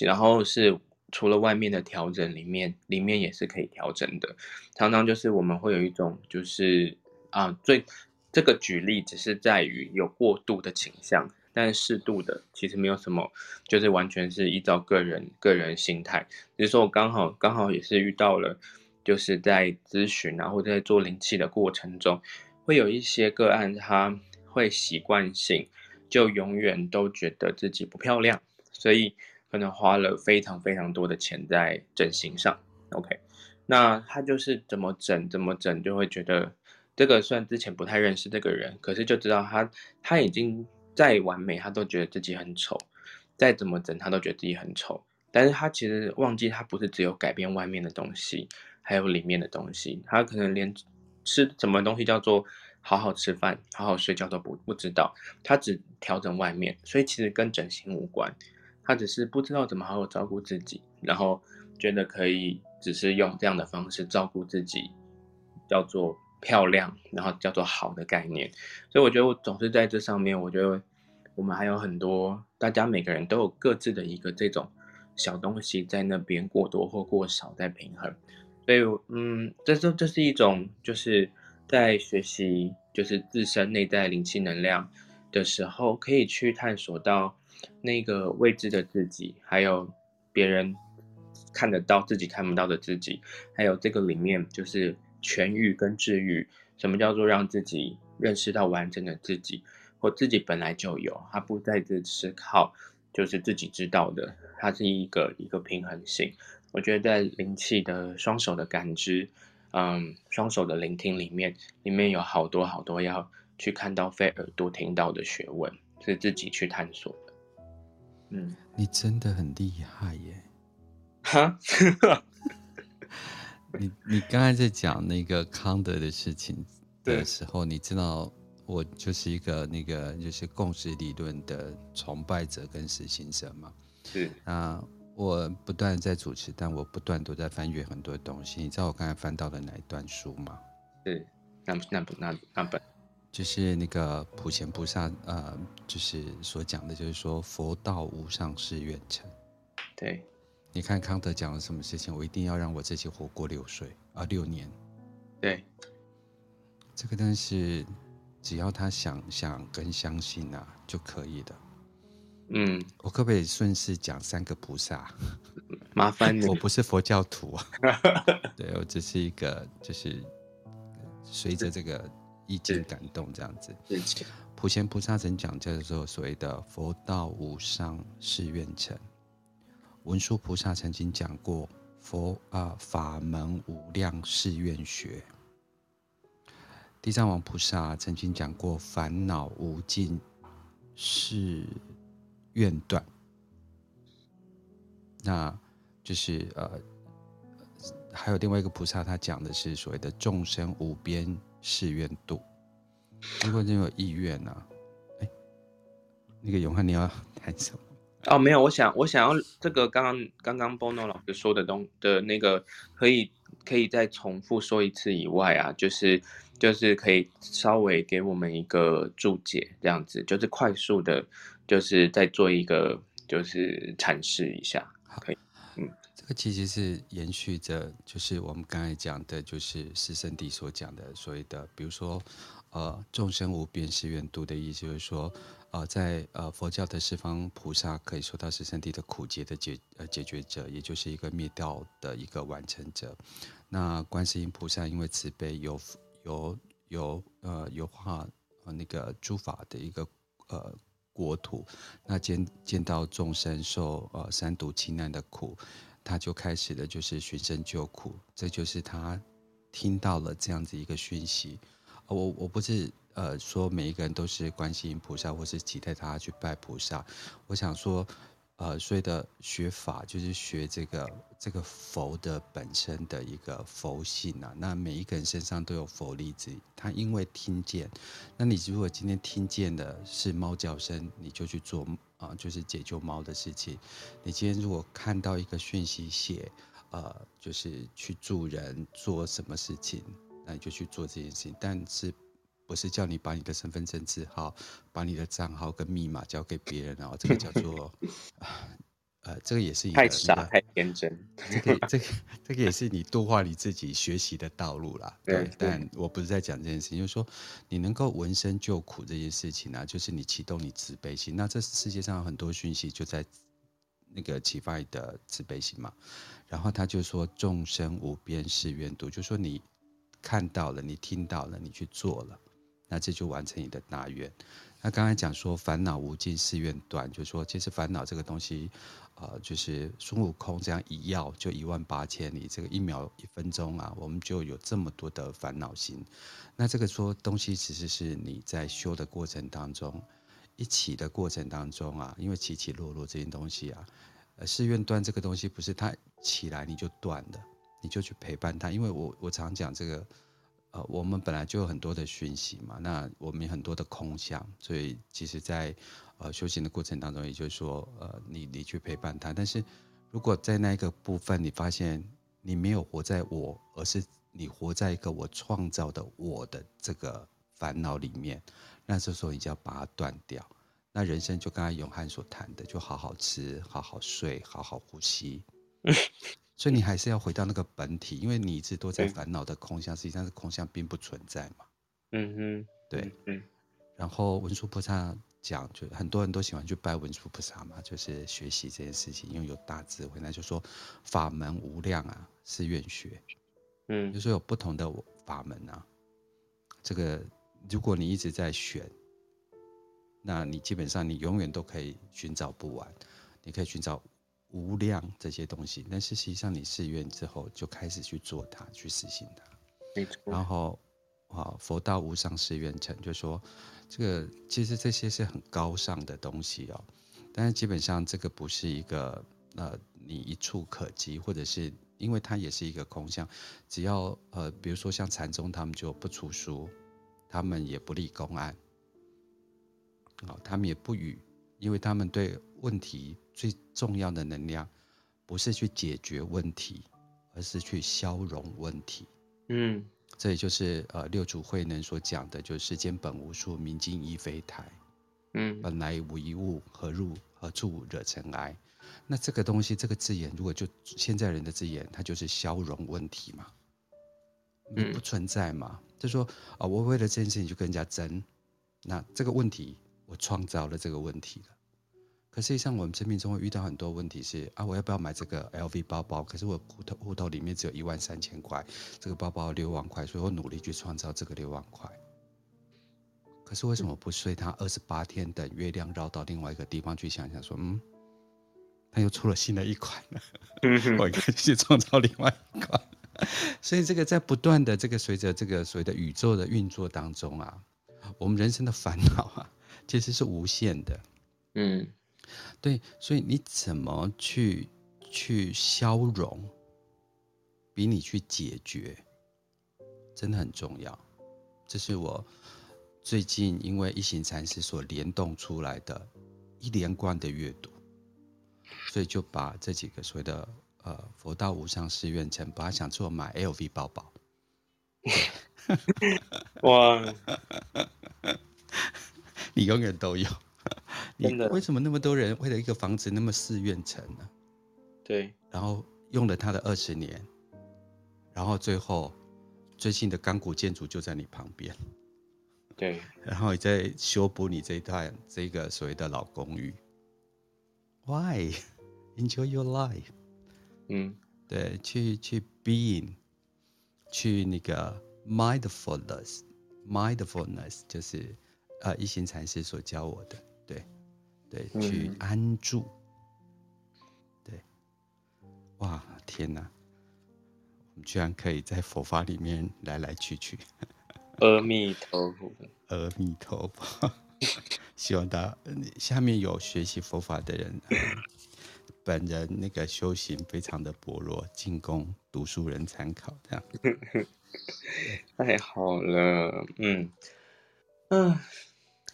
然後是除了外面的調整，裡面裡面也是可以調整的。常常就是我們會有一種就是啊，最這個舉例只是在於有過度的傾向，但是適度的其實沒有什麼，就是完全是依照個人個人心態。比如說我剛好剛好也是遇到了，就是在諮詢，然後在做靈氣的過程中，會有一些個案它。會習慣性就永遠都覺得自己不漂亮，所以可能花了非常非常多的錢在整形上。OK，那他就是怎麼整怎麼整，就會覺得這個雖然之前不太認識這個人，可是就知道他他已經再完美，他都覺得自己很醜，再怎麼整他都覺得自己很醜。但是他其實忘記，他不是只有改變外面的東西，還有裡面的東西。他可能連吃什麼東西叫做。好好吃飯，好好睡覺都不不知道，他只調整外面，所以其實跟整形無關，他只是不知道怎麼好好照顧自己，然後覺得可以只是用這樣的方式照顧自己，叫做漂亮，然後叫做好的概念，所以我覺得我總是在這上面，我覺得我們還有很多，大家每個人都有各自的一個這種小東西在那邊過多或過少在平衡，所以嗯，這是這是一種就是。在學習就是自身內在靈氣能量的時候，可以去探索到那個未知的自己，還有別人看得到自己看不到的自己，還有這個裡面就是痊癒跟治癒，什麼叫做讓自己認識到完整的自己，我自己本來就有，它不再只是靠，就是自己知道的，它是一個一個平衡性。我覺得靈氣的雙手的感知。嗯，雙、um, 手的聆聽裡面，裡面有好多好多要去看到非耳朵聽到的學問，是自己去探索的。嗯，你真的很厲害耶！哈， 你你剛才在講那個康德的事情的時候，對你知道我就是一個那個就是共識理論的崇拜者跟實行者嗎？是啊。Uh, 我不斷在主持，但我不斷都在翻閱很多東西。你知道我剛才翻到的哪一段書嗎？對。那那那那本，就是那個普賢菩薩，呃，就是所講的，就是說佛道無上誓願成。對，你看康德講了什麼事情？我一定要讓我自己活過六歲啊，六年。對，這個東西只要他想想跟相信吶、啊，就可以的。嗯，我可不可以順勢講三個菩薩？麻煩你， 我不是佛教徒、啊， 對我只是一個就是隨着這個意境感動這樣子。普賢菩薩曾講，這個時候，所謂的佛道無上誓願成；文殊菩薩曾經講過佛啊、呃、法門無量誓願學；地藏王菩薩曾經講過煩惱無盡誓。願斷，那就是呃，還有另外一個菩薩，他講的是所謂的眾生無邊誓願度。如果你有意願呢、啊啊欸，那個擁瀚你要談什麼？哦，沒有，我想我想要這個剛剛剛剛波諾老師說的東的那個，可以可以再重複說一次以外啊，就是就是可以稍微給我們一個注解，這樣子，就是快速的。就是再做一個，就是闡釋一下，可以，好嗯，這個其實是延續着，就是我們剛才講的，就是四聖諦所講的所謂的，比如說，呃，眾生無邊誓願度的意思，就是說，呃，在呃佛教的四方菩薩可以說到四聖諦的苦集的解呃解決者，也就是一個滅道的一個完成者。那觀世音菩薩因為慈悲有，有有有呃有化那個諸法的一個呃。國土，那見見到眾生受呃三毒七難的苦，他就開始的就是尋聲救苦，這就是他聽到了這樣子一個訊息。我我不是呃說每一個人都是觀世音菩薩，或是期待他去拜菩薩，我想說。呃，所以的學法就是學這個這個佛的本身的一個佛性啊。那每一個人身上都有佛力之，他因為聽見。那你如果今天聽見的是貓叫聲，你就去做啊，呃，就是解救貓的事情。你今天如果看到一個訊息寫，呃，就是去助人做什麼事情，那你就去做這件事情。但是。不是叫你把你的身份證字號、把你的賬號跟密碼交給別人哦， 這個叫做，呃，這個也是一、那個太傻太天真， 這個這個這個也是你度化你自己學習的道路啦。對，嗯、但我不是在講這件事情，就是說你能夠聞聲救苦這件事情呢、啊，就是你啟動你慈悲心。那這世界上有很多訊息就在那個啟發你的慈悲心嘛。然後他就說：“眾生無邊誓願度。”就是、說你看到了，你聽到了，你去做了。那這就完成你的大願。那剛才講說煩惱無盡，誓願斷，就是說其實煩惱這個東西，呃，就是孫悟空這樣一要就一萬八千里，這個一秒一分鐘啊，我們就有這麼多的煩惱心。那這個說東西，其實是你在修的過程當中，一起的過程當中啊，因為起起落落這些東西啊，呃，誓願斷這個東西不是它起來你就斷的，你就去陪伴它。因為我我常講這個。呃，我們本來就有很多的訊息嘛，那我們有很多的空想，所以其實在，在呃修行的過程當中，也就是說，呃，你你去陪伴他，但是如果在那一個部分，你發現你沒有活在我，而是你活在一個我創造的我的這個煩惱裡面，那這時候你就要把它斷掉，那人生就剛剛擁瀚所談的，就好好吃，好好睡，好好呼吸。 所以你還是要回到那個本體，嗯、因為你一直都在煩惱的空相，實際上是空相並不存在嘛。嗯哼，對。嗯哼。然後文殊菩薩講，就很多人都喜歡去拜文殊菩薩嘛，就是學習這件事情，因為有大智慧。那就說法門無量啊，誓願學。嗯。就說有不同的法門啊，這個如果你一直在選，那你基本上你永遠都可以尋找不完，你可以尋找。無量這些東西，但是實際上你誓願之後就開始去做它，去實行它。 然後，啊、哦，佛道無上誓願成，就說這個其實這些是很高尚的東西哦。但是基本上這個不是一個呃你一觸可及，或者是因為它也是一個空相。只要呃，比如說像禪宗，他們就不出書，他們也不立公案，好、哦，他們也不語，因為他們對問題。最重要的能量，不是去解決問題，而是去消融問題。嗯，這也就是呃六祖慧能所講的，就是“世間本無樹，明鏡亦非台”。嗯，本來無一物，何入何處惹塵埃？那這個東西，這個字眼，如果就現在人的字眼，它就是消融問題嘛？嗯，不存在嘛？嗯、就說啊、呃，我為了這件事情就跟人家爭，那這個問題我創造了這個問題了。可實際上，我們生命中會遇到很多問題，是啊，我要不要買這個 LV 包包？可是我戶頭戶頭裡面只有一萬三千塊，這個包包六萬塊，所以我努力去創造這個六萬塊。可是為什麼我不睡它二十八天，等月亮繞到另外一個地方去想想說，嗯，它又出了新的一款，嗯、哼 我應該去創造另外一款。所以這個在不斷的這個隨着這個所謂的宇宙的運作當中啊，我們人生的煩惱啊，其實是無限的，嗯。對，所以你怎麼去去消融，比你去解決，真的很重要。這是我最近因為一行禪師所聯動出來的，一連貫的閱讀，所以就把這幾個所謂的呃佛道無上誓願成，不要想做買 LV 包包。 哇， 你永遠都有。你為什麼那麼多人為了一個房子那麼四願城呢？對，然後用了他的二十年，然後最後，最新的鋼骨建築就在你旁邊，對，Okay. 然後也在修補你這一段這個所謂的老公寓。Why enjoy your life？嗯，對，去去 being，去那個 mindfulness，mindfulness mind 就是呃一行禪師所教我的。對，去安住。嗯、對，哇，天哪！我們居然可以在佛法裡面來來去去。阿彌陀佛，阿彌陀佛。 希望大家下面有學習佛法的人， 本人那個修行非常的薄弱，僅供讀書人參考。這樣。太好了，嗯，嗯、呃。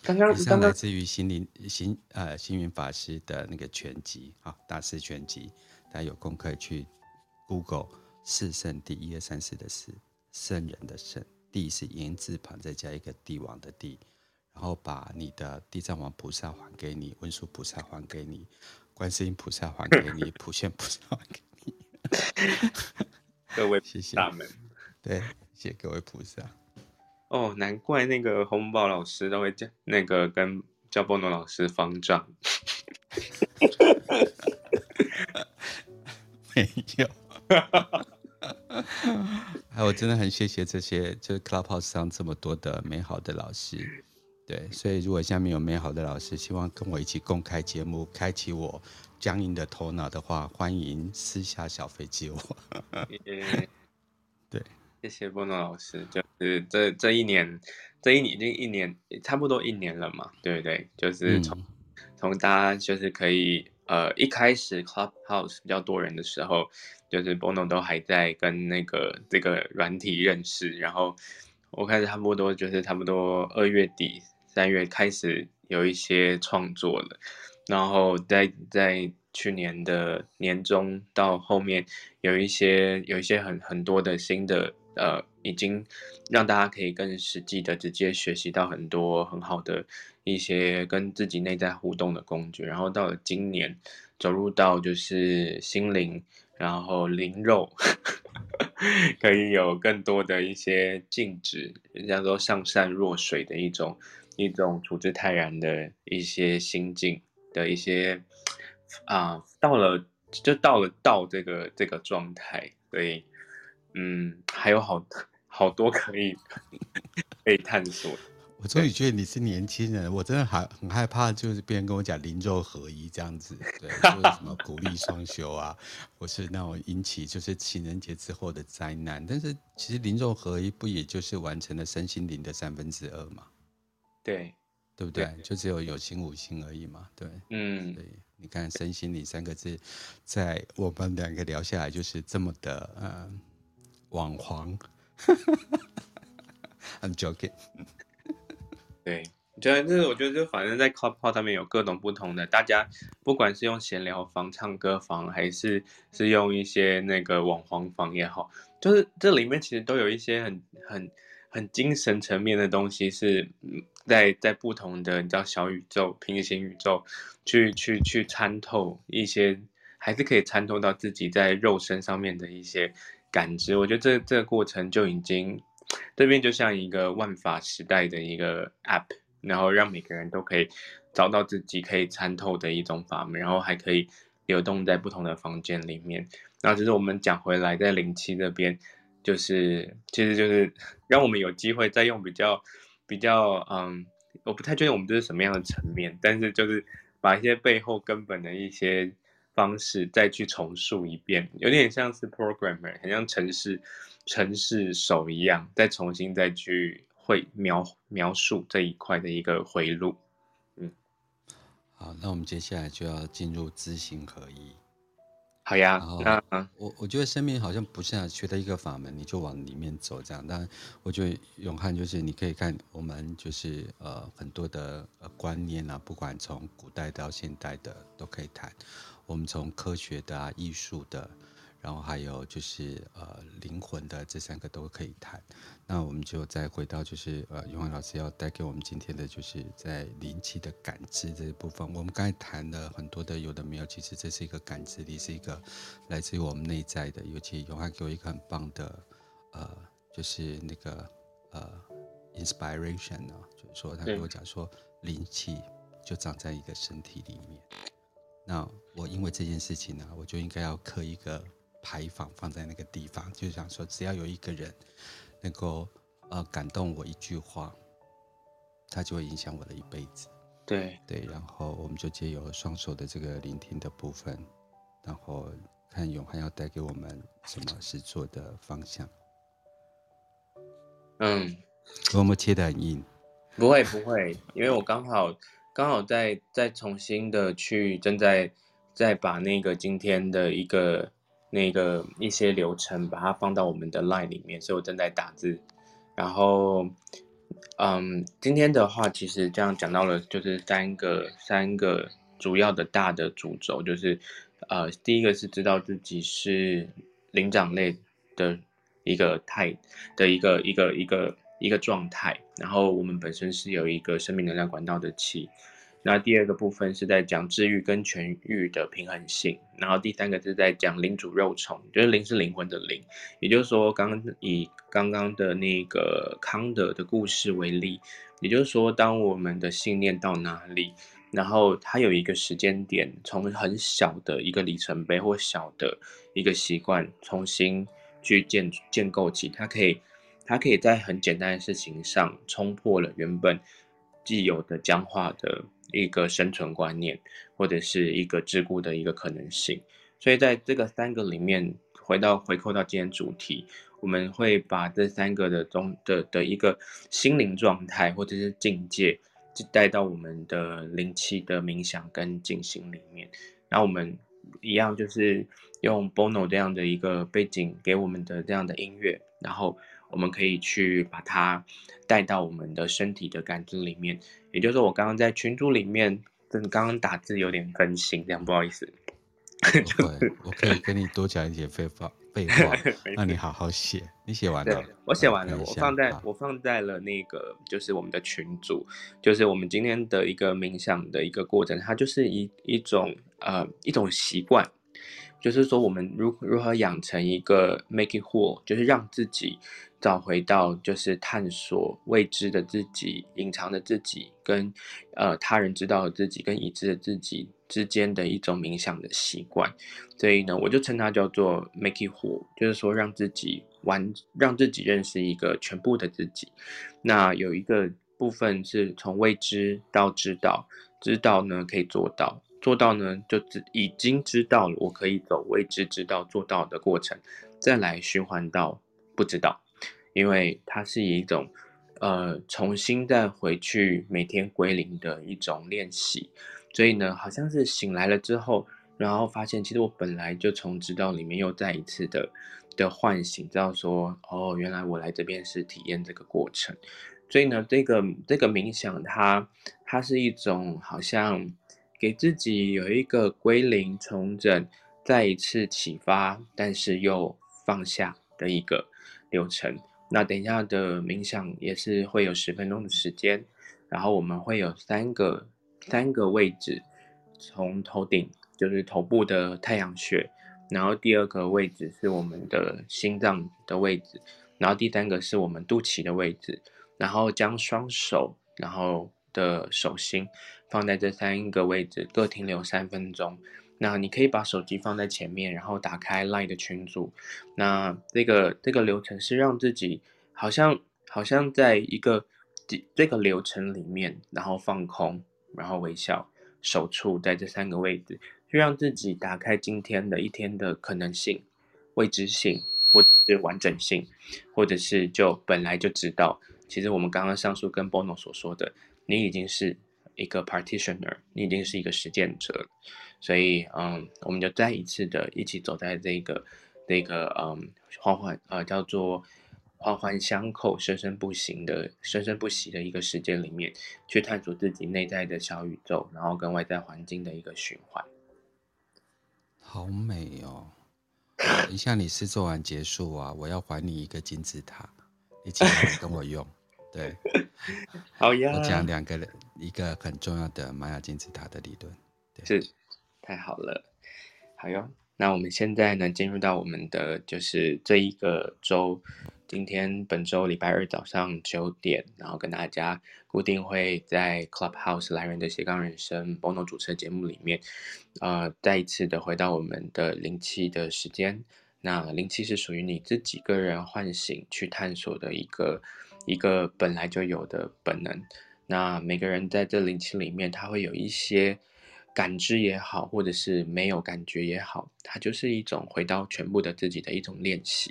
以上來自於心靈心呃、星雲法師的那個全集，啊，大師全集，大家有空可以去 Google 四聖諦一、二、三、四的四聖人的聖諦是言字旁再加一個帝王的帝，然後把你的地藏王菩薩還給你，文殊菩薩還給你，觀世音菩薩還給你，普賢菩薩還給你。 各位謝謝大門。對，謝謝各位菩薩。哦，難怪那個洪寶老師都會叫那個跟叫波諾老師方丈， 沒有，哎， 我真的很謝謝這些就是 Clubhouse 上這麼多的美好的老師，對，所以如果下面有美好的老師，希望跟我一起公開節目，開啟我僵硬的頭腦的話，歡迎私下小飛機我， 對。謝謝波諾老師，就是這這一年，這一年已經一年，差不多一年了嘛，對不對？就是從從大家就是可以呃一開始 Clubhouse 比較多人的時候，就是波諾都還在跟那個這個軟體認識，然後我開始差不多就是差不多二月底三月開始有一些創作了，然後在在去年的年中到後面有一些有一些很很多的新的。呃，已經讓大家可以更實際的直接學習到很多很好的一些跟自己內在互動的工具，然後到了今年走入到就是心靈，然後靈肉，呵呵，可以有更多的一些靜止，人家說上善若水的一種一種處之泰然的一些心境的一些啊，到了就到了道這個這個狀態，所以。嗯，還有好好多可以被 探索。我終於覺得你是年輕人，對我真的很很害怕，就是別人跟我講靈肉合一這樣子，對， 或是什麼鼓勵雙修啊， 或是那種，引起就是情人節之後的災難。但是其實靈肉合一不也就是完成了身心靈的三分之二嘛？對，對不對？對就只有有形無形而已嘛？對，嗯，對。你看身心靈三個字，在我們兩個聊下來就是這麼的，嗯、呃。網黃，哈哈哈哈 I'm joking。 對，就是，我覺得就反正在 Clubhouse 上面有各種不同的，大家不管是用閒聊房、唱歌房，還是是用一些那個網黃房也好,就是這裡面其實都有一些很、很、很精神層面的東西，是在在不同的你知道小宇宙、平行宇宙去去去參透一些，還是可以參透到自己在肉身上面的一些。感知，我覺得這這個過程就已經，這邊就像一個萬法時代的一個 App，然後讓每個人都可以找到自己可以參透的一種法門，然後還可以流動在不同的房間裡面。那其實我們講回來，在零七這邊，就是其實就是讓我們有機會再用比較比較，嗯，我不太確定我們這是什麼樣的層面，但是就是把一些背後根本的一些。方式再去重述一遍，有點像是 programmer，很像程式程式手一樣，再重新再去會描描述這一塊的一個回路。嗯，好，那我們接下來就要進入知行合一。好呀，嗯後，那我我覺得生命好像不是啊，缺的一個法門，你就往裡面走這樣。但我覺得擁瀚就是你可以看我們就是呃很多的、呃、觀念啊，不管從古代到現代的都可以談。我們從科學的啊、藝術的，然後還有就是呃靈魂的這三個都可以談。嗯、那我們就再回到就是呃擁瀚老師要帶給我們今天的，就是在靈氣的感知這一部分。我們剛才談了很多的有的沒有，其實這是一個感知力，這是一個來自於我們內在的。尤其擁瀚給我一個很棒的呃，就是那個呃 inspiration 呢、啊，就是說他給我講說，靈氣就長在一個身體裡面。嗯那、no, 我因為這件事情呢、啊，我就應該要刻一個牌坊，放在那個地方，就想說只要有一個人能夠呃感動我一句話，他就會影響我的一輩子。對對，然後我們就借由雙手的這個聆聽的部分，然後看擁瀚要帶給我們什麼實做的方向。嗯，我有沒有切得很硬？不會不會，因為我剛好。 剛好在在重新的去正在再把那個今天的一個那個一些流程把它放到我們的 Line 裡面，所以我正在打字。然後，嗯，今天的話其實這樣講到了就是三個三個主要的大的主軸，就是呃，第一個是知道自己是靈長類的一個態的一個一個一個。一個一個狀態，然後我們本身是有一個生命能量管道的氣。那第二個部分是在講治癒跟痊癒的平衡性，然後第三個是在講靈主肉蟲，就是靈是靈魂的靈。也就是說剛，剛以剛剛的那個康德的故事為例，也就是說，當我們的信念到哪裡，然後它有一個時間點，從很小的一個里程碑或小的一個習慣，重新去建建構起，它可以。他可以在很簡單的事情上衝破了原本既有的僵化的一個生存觀念，或者是一個桎梏的一個可能性。所以，在這個三個裡面，回到回扣到今天主題，我們會把這三個的中的的一個心靈狀態或者是境界，就帶到我們的靈氣的冥想跟靜心裡面。然後我們一樣就是用 Bono 這樣的一個背景給我們的這樣的音樂，然後。我們可以去把它帶到我們的身體的感知裡面，也就是說，我剛剛在群組裡面，跟剛剛打字有點分心，這樣不好意思。 好好，對，我可以跟你多講一些廢話，廢話，那你好好寫。你寫完了？我寫完了，我放在我放在了那個，就是我們的群組，就是我們今天的一個冥想的一個過程，它就是一一種呃一種習慣，就是說我們如如何養成一個 make it whole，就是讓自己。找回到就是探索未知的自己、隱藏的自己，跟，呃，他人知道的自己、跟已知的自己之間的一種冥想的習慣，所以呢，我就稱它叫做 “make it whole”，就是說讓自己完，讓自己認識一個全部的自己。那有一個部分是從未知到知道，知道呢可以做到，做到呢就知、是、已經知道了，我可以走未知、知道、做到的過程，再來循環到不知道。因為它是一種，呃，重新再回去每天歸零的一種練習，所以呢，好像是醒來了之後，然後發現其實我本來就從知道裡面又再一次的的喚醒，知道說，哦，原來我來這邊是體驗這個過程，所以呢，這個這個冥想它它是一種好像給自己有一個歸零、重整、再一次啟發，但是又放下的一個流程。那等一下的冥想也是會有十分鐘的時間，然後我們會有三個三個位置，從頭頂就是頭部的太陽穴，然後第二個位置是我們的心臟的位置，然後第三個是我們肚臍的位置，然後將雙手，然後的手心放在這三個位置，各停留三分鐘。那你可以把手機放在前面，然後打開 Line 的群組。那這個這個流程是讓自己好像好像在一個這個流程裡面，然後放空，然後微笑，手觸在這三個位置，就讓自己打開今天的一天的可能性、未知性，或者是完整性，或者是就本來就知道，其實我們剛剛上述跟 Bono 所說的，你已經是一個 Partitioner，你已經是一個實踐者。所以，嗯，我們就再一次的，一起走在這一個，這個，嗯，環環，呃，叫做環環相扣、生生不息的、生生不息的一個時間裡面，去探索自己內在的小宇宙，然後跟外在環境的一個循環，好美哦！等一下，你是做完結束啊， 我要還你一個金字塔，你請來跟我用， 對，好呀。我講兩個人，一個很重要的瑪雅金字塔的理論，對。是。太好了，好喲。那我們現在呢，進入到我們的就是這一個週，今天本週禮拜二早上九點，然後跟大家固定會在 Clubhouse 來人的斜槓人生 Bono 主持的節目裡面，呃，再一次的回到我們的靈氣的時間。那靈氣是屬於你自己個人喚醒去探索的一個一個本來就有的本能。那每個人在這靈氣裡面，他會有一些。感知也好，或者是沒有感覺也好，它就是一種回到全部的自己的一種練習。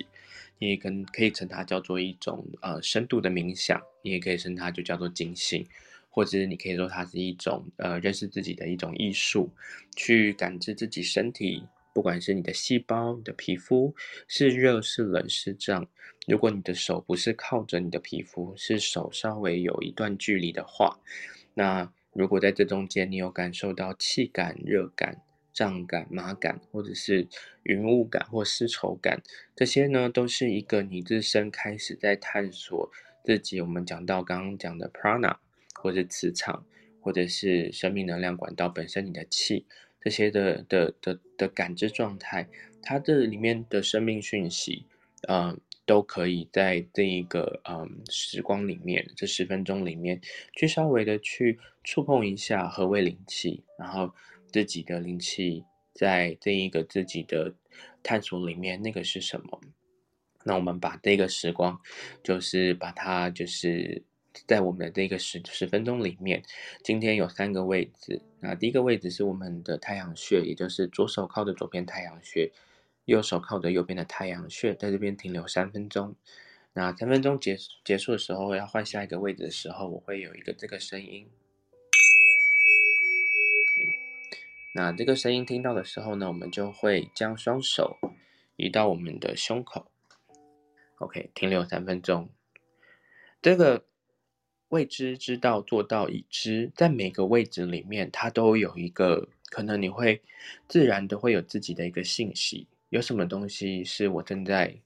你也跟可以稱它叫做一種呃深度的冥想，你也可以稱它就叫做靜心，或者你可以說它是一種呃認識自己的一種藝術，去感知自己身體，不管是你的細胞、你的皮膚是熱是冷是這樣，如果你的手不是靠着你的皮膚，是手稍微有一段距離的話，那。如果在這中間，你有感受到氣感、熱感、脹感、麻感，或者是雲霧感或絲綢感，這些呢，都是一個你自身開始在探索自己。我們講到剛剛講的 prana，或者磁場，或者是生命能量管道本身，你的氣這些的的的的感知狀態，它這裡面的生命訊息，嗯、呃。都可以在這一個嗯時光裡面，這十分鐘裡面去稍微的去觸碰一下何為靈氣，然後自己的靈氣在這一個自己的探索裡面那個是什麼？那我們把這個時光，就是把它就是在我們的這個十十分鐘裡面，今天有三個位置啊，那第一個位置是我們的太陽穴，也就是左手靠着左邊太陽穴。右手靠着右邊的太陽穴，在這邊停留三分鐘。那三分鐘結結束的時候，要換下一個位置的時候，我會有一個這個聲音。Okay. 那這個聲音聽到的時候呢，我們就會將雙手移到我們的胸口。OK，停留三分鐘。這個未知、知道、做到、已知，在每個位置裡面，它都有一個，可能你會自然的會有自己的一個信息。有什麼東西是我正在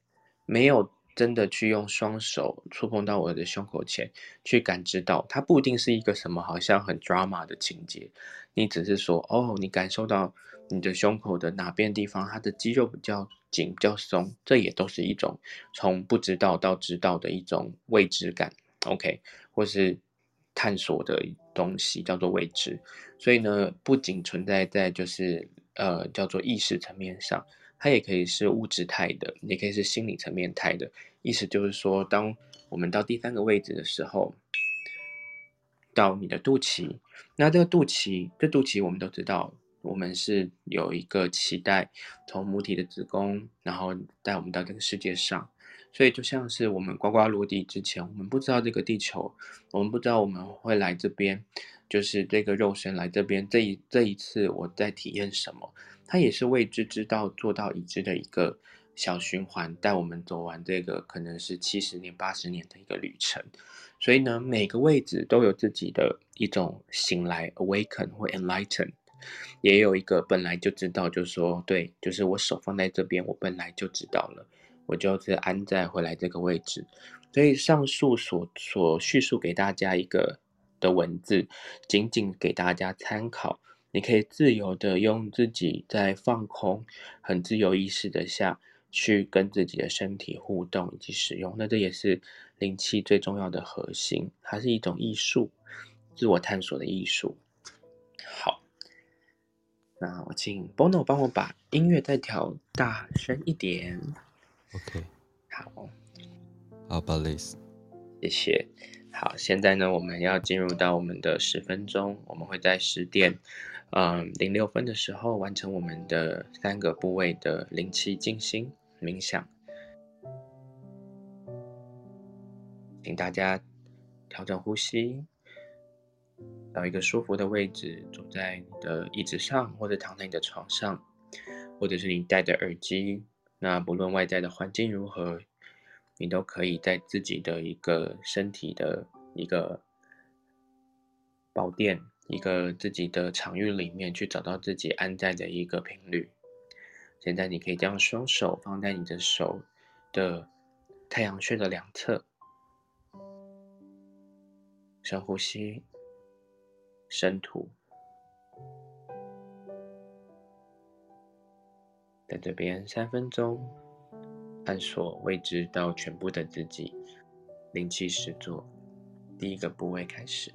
沒有真的去用雙手觸碰到我的胸口前，去感知到它。不一定是一個什麼好像很 drama 的情節。你只是說，哦，你感受到你的胸口的哪邊的地方，它的肌肉比較緊、比較鬆，這也都是一種從不知道到知道的一種未知感，OK？或是探索的東西叫做未知。所以呢，不僅存在在就是呃叫做意識層面上。它也可以是物質態的，也可以是心理層面態的。意思就是說，當我們到第三個位置的時候，到你的肚臍。那這個肚臍，這個肚臍我們都知道，我們是有一個臍帶從母體的子宮，然後帶我們到這個世界上。所以就像是我們呱呱落地之前，我們不知道這個地球，我們不知道我們會來這邊。就是這個肉身來這邊，這一這一次我在體驗什麼，它也是未知知道做到已知的一個小循環，帶我們走完這個可能是七十年、八十年的一個旅程。所以呢，每個位置都有自己的一種醒來 （awaken） 或 enlighten 也有一個本來就知道，就是說，就說對，就是我手放在這邊，我本來就知道了，我就是安在回來這個位置。所以上述所所敘述給大家一個的文字僅僅給大家參考，你可以自由的用自己在放空、很自由意識的下，去跟自己的身體互動以及使用。那這也是靈氣最重要的核心，它是一種藝術，自我探索的藝術。好，那我請 Bono 幫我把音樂再調大聲一點。OK，好，好，好，好好，好，謝謝。好，現在呢，我們要進入到我們的十分鐘。我們會在十點，嗯，零六分的時候完成我們的三個部位的靈氣靜心冥想。請大家調整呼吸，找一個舒服的位置，坐在你的椅子上，或者躺在你的床上，或者是你戴著耳機。那不論外在的環境如何。你都可以在自己的一個身體的一個寶殿，一個自己的場域裡面去找到自己安在的一個頻率。現在你可以將雙手放在你的手的太陽穴的兩側，深呼吸，深吐，在這邊三分鐘。探索未知到全部的自己，靈氣始作，第一個部位開始。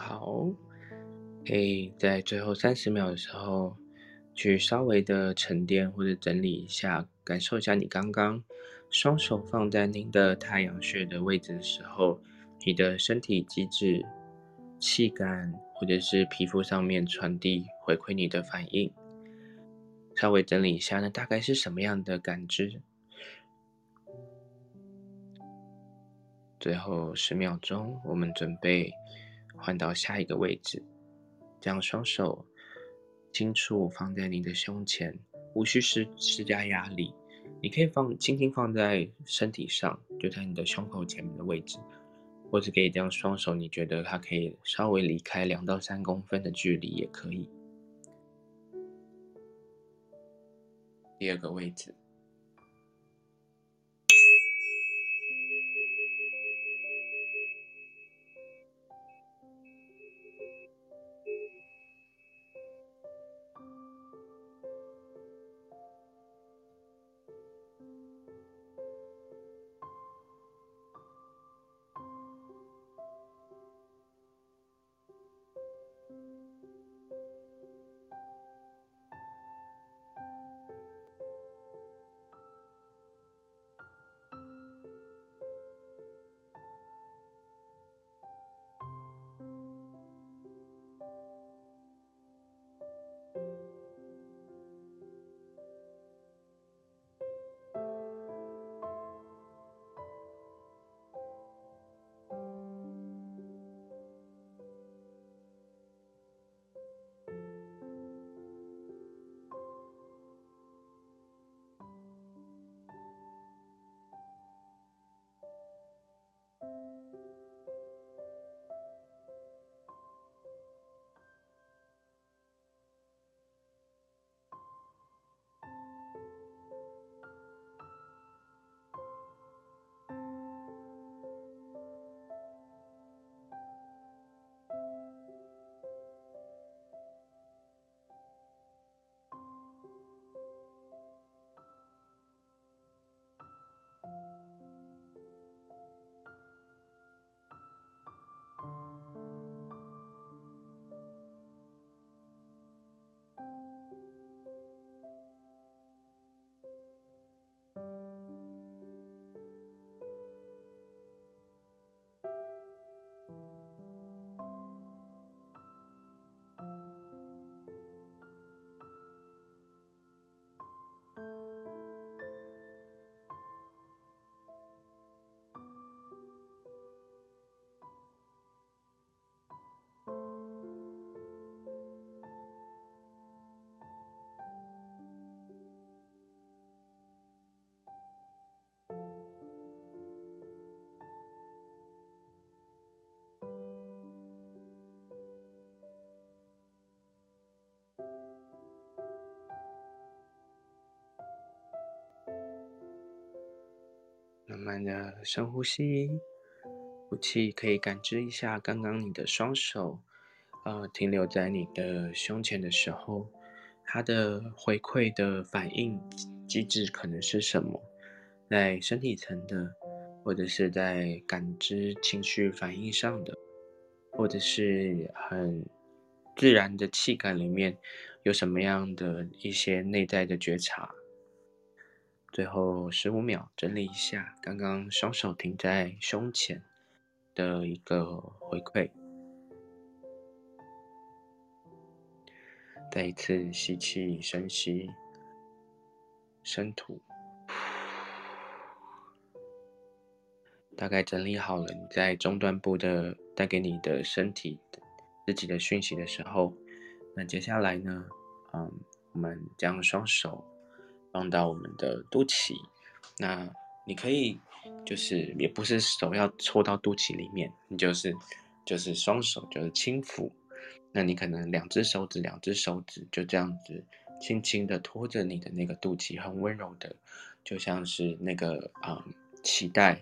好，可以在最後三十秒的時候，去稍微的沉澱或者整理一下，感受一下你剛剛雙手放在您的太陽穴的位置的時候，你的身體機制、氣感或者是皮膚上面傳遞回饋你的反應，稍微整理一下，那大概是什麼樣的感知？最後十秒鐘，我們準備。換到下一個位置，這樣雙手輕觸放在你的胸前，無需施施加壓力，你可以放輕輕放在身體上，就在你的胸口前面的位置，或者可以這樣雙手，你覺得它可以稍微離開兩到三公分的距離也可以。第二個位置。慢慢的深呼吸，呼氣，可以感知一下剛剛你的雙手，呃，停留在你的胸前的時候，它的回饋的反應機制可能是什麼？在身體層的，或者是在感知情緒反應上的，或者是很自然的氣感裡面，有什麼樣的一些內在的覺察？最後十五秒，整理一下剛剛雙手停在胸前的一個回饋。再一次吸氣，深吸，深吐。大概整理好了，你在中段部的帶給你的身體，自己的訊息的時候，那接下來呢？嗯，我們將雙手。放到我們的肚臍，那你可以就是也不是手要戳到肚臍裡面，你就是就是雙手就是輕撫，那你可能兩隻手指兩隻手指就這樣子輕輕的托着你的那個肚臍，很溫柔的，就像是那個啊臍帶，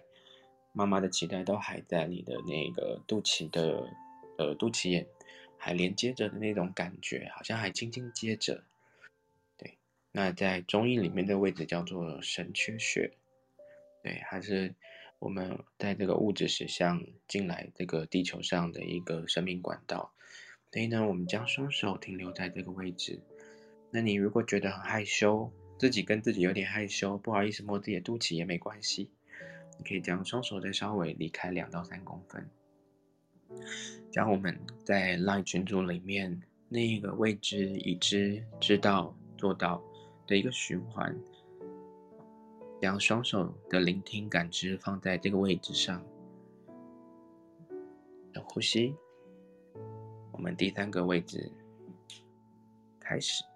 媽、嗯、媽的臍帶都還在你的那個肚臍的呃肚臍眼還連接着的那種感覺，好像還輕輕接着。那在中醫裡面的位置叫做神闕穴，對，還是我們在這個物質實相進來這個地球上的一個生命管道。所以呢，我們將雙手停留在這個位置。那你如果覺得很害羞，自己跟自己有點害羞，不好意思摸自己的肚臍也沒關係，你可以將雙手再稍微離開兩到三公分。將我們在賴群組裡面，那一個位置已知、知道、做到。的一個循環，將雙手的聆聽感知放在這個位置上，的呼吸，我們第三個位置開始。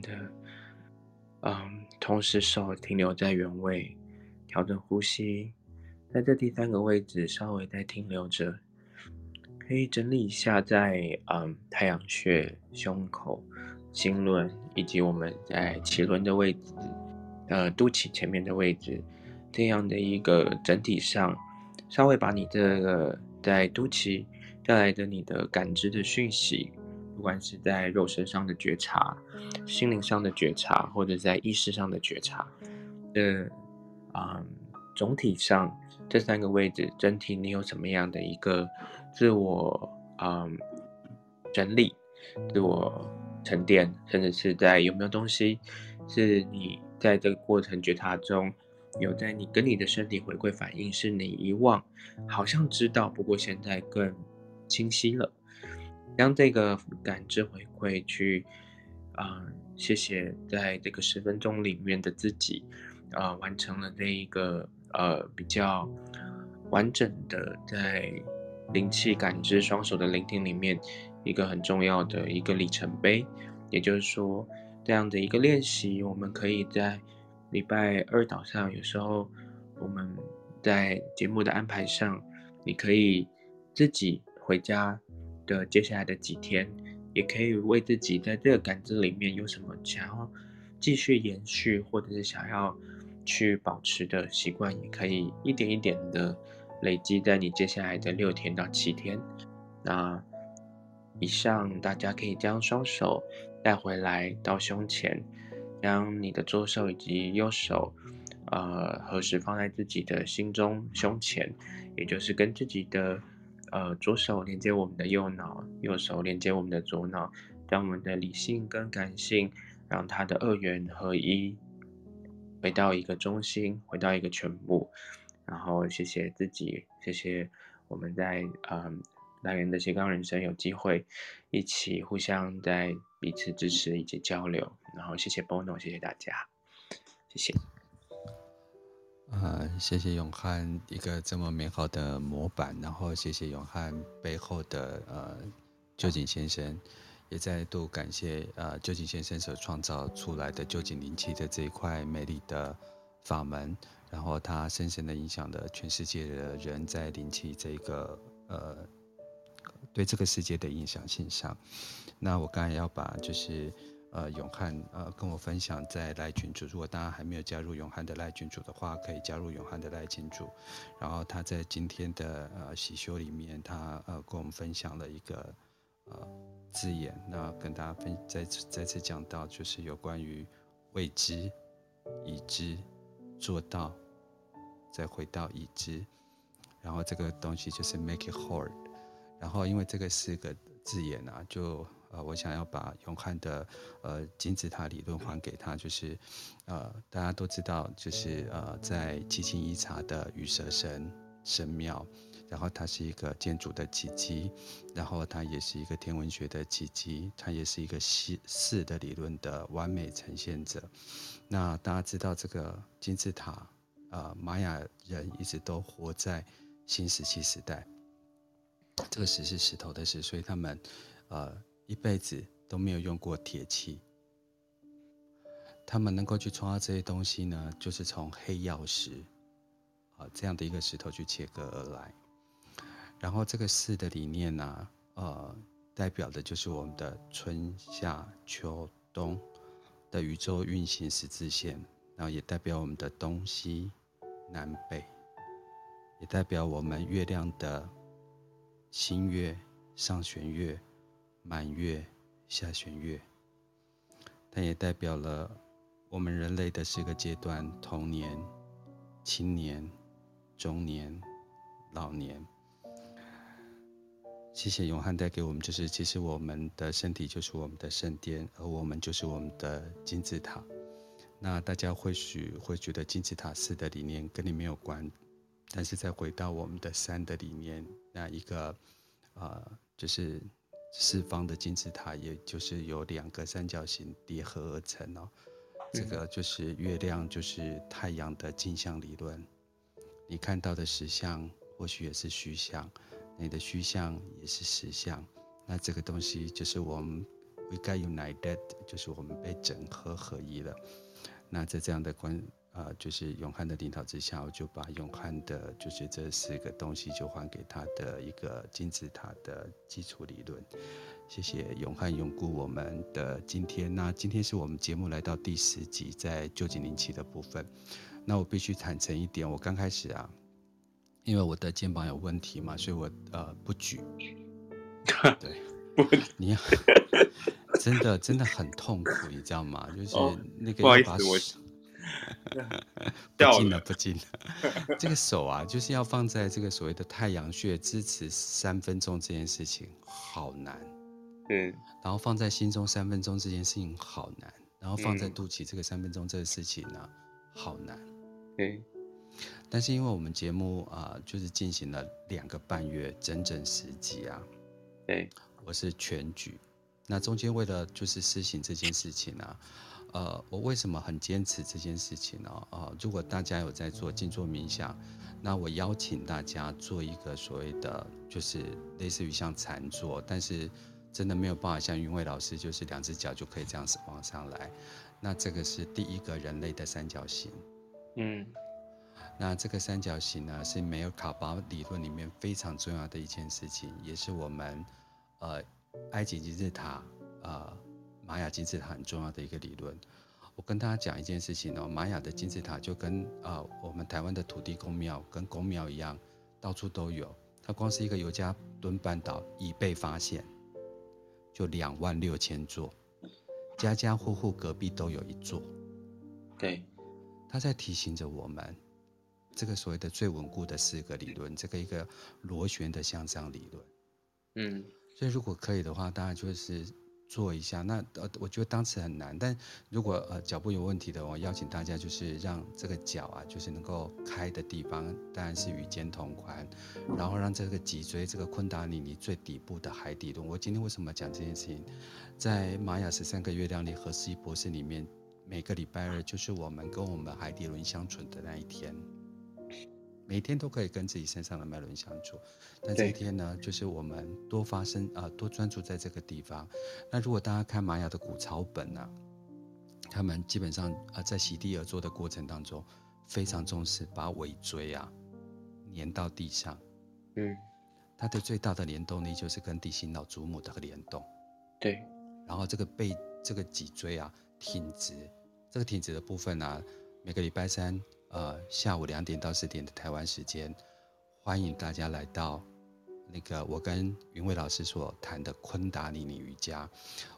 的，嗯，同時手停留在原位，調整呼吸，在這第三個位置稍微再停留着，可以整理一下在嗯太陽穴、胸口、心輪以及我們在臍輪的位置，呃肚臍前面的位置，這樣的一個整體上，稍微把你這個在肚臍帶來的你的感知的訊息，不管是在肉身上的覺察、心靈上的覺察，或者在意識上的覺察，這啊、嗯、總體上這三個位置整體，你有什麼樣的一個自我啊整理、自我沉澱，甚至是在有沒有東西是你在這個過程覺察中，有在你跟你的身體回歸反應是你遺忘，好像知道，不過現在更清晰了。將這，這個感知回饋去，啊、呃，謝謝，在這個十分鐘裡面的自己，啊、呃，完成了這一個呃比較完整的在靈氣感知雙手的聆聽裡面一個很重要的一個里程碑。也就是說，這樣的一個練習，我們可以在禮拜二早上，有時候我們在節目的安排上，你可以自己回家。的接下來的幾天，也可以為自己在這個感知裡面有什麼想要繼續延續，或者是想要去保持的習慣，也可以一點一點的累積在你接下來的六天到七天。那以上大家可以將雙手帶回來到胸前，將你的左手以及右手，呃，合十放在自己的心中胸前，也就是跟自己的。呃，左手連接我們的右腦，右手連接我們的左腦，讓我們的理性跟感性，讓它的二元合一，回到一個中心，回到一個全部。然後謝謝自己，謝謝我們在嗯、呃、來源的斜槓人生有機會一起互相在彼此支持以及交流。然後謝謝波諾，謝謝大家，謝謝。呃，謝謝擁瀚一個這麼美好的模板，然後謝謝擁瀚背後的呃、臼井先生，也再度感謝呃、臼井先生所創造出來的臼井靈氣的這一塊美麗的法門，然後它深深的影響了全世界的人在靈氣這一個呃，對這個世界的影響現象。那我剛才要把，就是。呃，擁瀚呃跟我分享在賴群組，如果大家還沒有加入擁瀚的賴群組的話，可以加入擁瀚的賴群組。然後他在今天的呃喜修裡面，他呃跟我們分享了一個呃字眼，那跟大家分再，再次再次講到，就是有關於未知、已知、做到，再回到已知，然後這個東西就是 make it hard。然後因為這個是個字眼啊，就。呃，我想要把擁瀚的呃金字塔理論還給他，就是，呃，大家都知道，就是呃，在奇琴伊察的羽蛇神神廟，然後它是一個建築的奇蹟，然後它也是一個天文學的奇蹟，它也是一個四的理論的完美呈現者。那大家知道這個金字塔，啊、呃，瑪雅人一直都活在新石器時代，這個石是石頭的石，所以他們，呃。一輩子都沒有用過鐵器。他們能夠去創造這些東西呢，就是從黑曜石，啊，這樣的一個石頭去切割而來。然後這個四的理念呢、啊，呃，代表的就是我們的春夏秋冬的宇宙運行十字線，然後也代表我們的東西南北，也代表我們月亮的新月、上弦月、滿月、下弦月，但也代表了我們人類的四個階段：童年、青年、中年、老年。謝謝擁瀚帶給我們，就是其實我們的身體就是我們的聖殿，而我們就是我們的金字塔。那大家或許會覺得金字塔四的理念跟你沒有關，但是再回到我們的三的理念，那一個，呃，就是。四方的金字塔，也就是由兩個三角形疊合而成哦。這個就是月亮，就是太陽的鏡像理論。你看到的實像，或許也是虛像；你的虛像也是實像。那這個東西就是我們，We get united，就是我們被整合合一了。那在這，這樣的關。呃、就是擁瀚的領導之下，我就把擁瀚的，就是這四個東西，就還給他的一個金字塔的基礎理論。謝謝擁瀚永固我們的今天、啊。那今天是我們節目來到第十集，在臼井靈氣的部分。那我必須坦誠一點，我剛開始啊，因為我的肩膀有問題嘛，所以我呃不舉。 對，你 真的真的很痛苦，你知道嗎？就是那個。不 掉了 不進了，不進了。掉了 這個手啊，就是要放在這個所謂的太陽穴，支持三分鐘這件事情，好難。嗯。然後放在心中三分鐘這件事情好難，然後放在肚臍這個三分鐘這個事情呢、啊，好難。嗯。但是因為我們節目啊，就是進行了兩個半月，整整十集啊。對。我是全局。那中間為了就是施行這件事情呢、啊。呃，我為什麼很堅持這件事情呢？哦，呃，如果大家有在做靜坐冥想，那我邀請大家做一個所謂的，就是類似於像禪坐，但是真的沒有辦法像雲慧老師，就是兩只腳就可以這樣子往上來。那這個是第一個人類的三角形，嗯，那這個三角形呢是梅爾卡巴理論裡面非常重要的一件事情，也是我們呃埃及金字塔呃。瑪雅金字塔很重要的一個理論，我跟大家講一件事情哦，瑪雅的金字塔就跟啊我們台灣的土地公廟跟公廟一樣，到處都有。它光是一個尤加敦半島已被發現，就兩萬六千座，家家戶戶隔壁都有一座。對，他在提醒着我們，這個所謂的最穩固的四個理論，這個一個螺旋的向上理論。嗯，所以如果可以的話，當然就是。做一下，那呃，我覺得當時很難，但如果呃腳步有問題的，我邀請大家就是讓這個腳啊，就是能夠開的地方，當然是與肩同寬，然後讓這個脊椎這個昆達里尼，尼最底部的海底輪。我今天為什麼要講這件事情？在瑪雅十三個月亮里和斯蒂博士裡面，每個禮拜二就是我們跟我們海底輪相處的那一天。每天都可以跟自己身上的脈輪相處，但這一天呢，對就是我們多發生啊、呃，多專注在這個地方。那如果大家看瑪雅的古抄本呢、啊，他們基本上啊、呃，在席地而坐的過程當中，非常重視把尾椎啊，粘到地上。嗯，它的最大的聯動力就是跟地心老祖母的聯動。對。然後這個背這個脊椎啊挺直，這個挺直的部分呢、啊，每個禮拜三。呃，下午兩點到四點的台灣時間，歡迎大家來到那個我跟雲偉老師所談的昆達里尼瑜伽。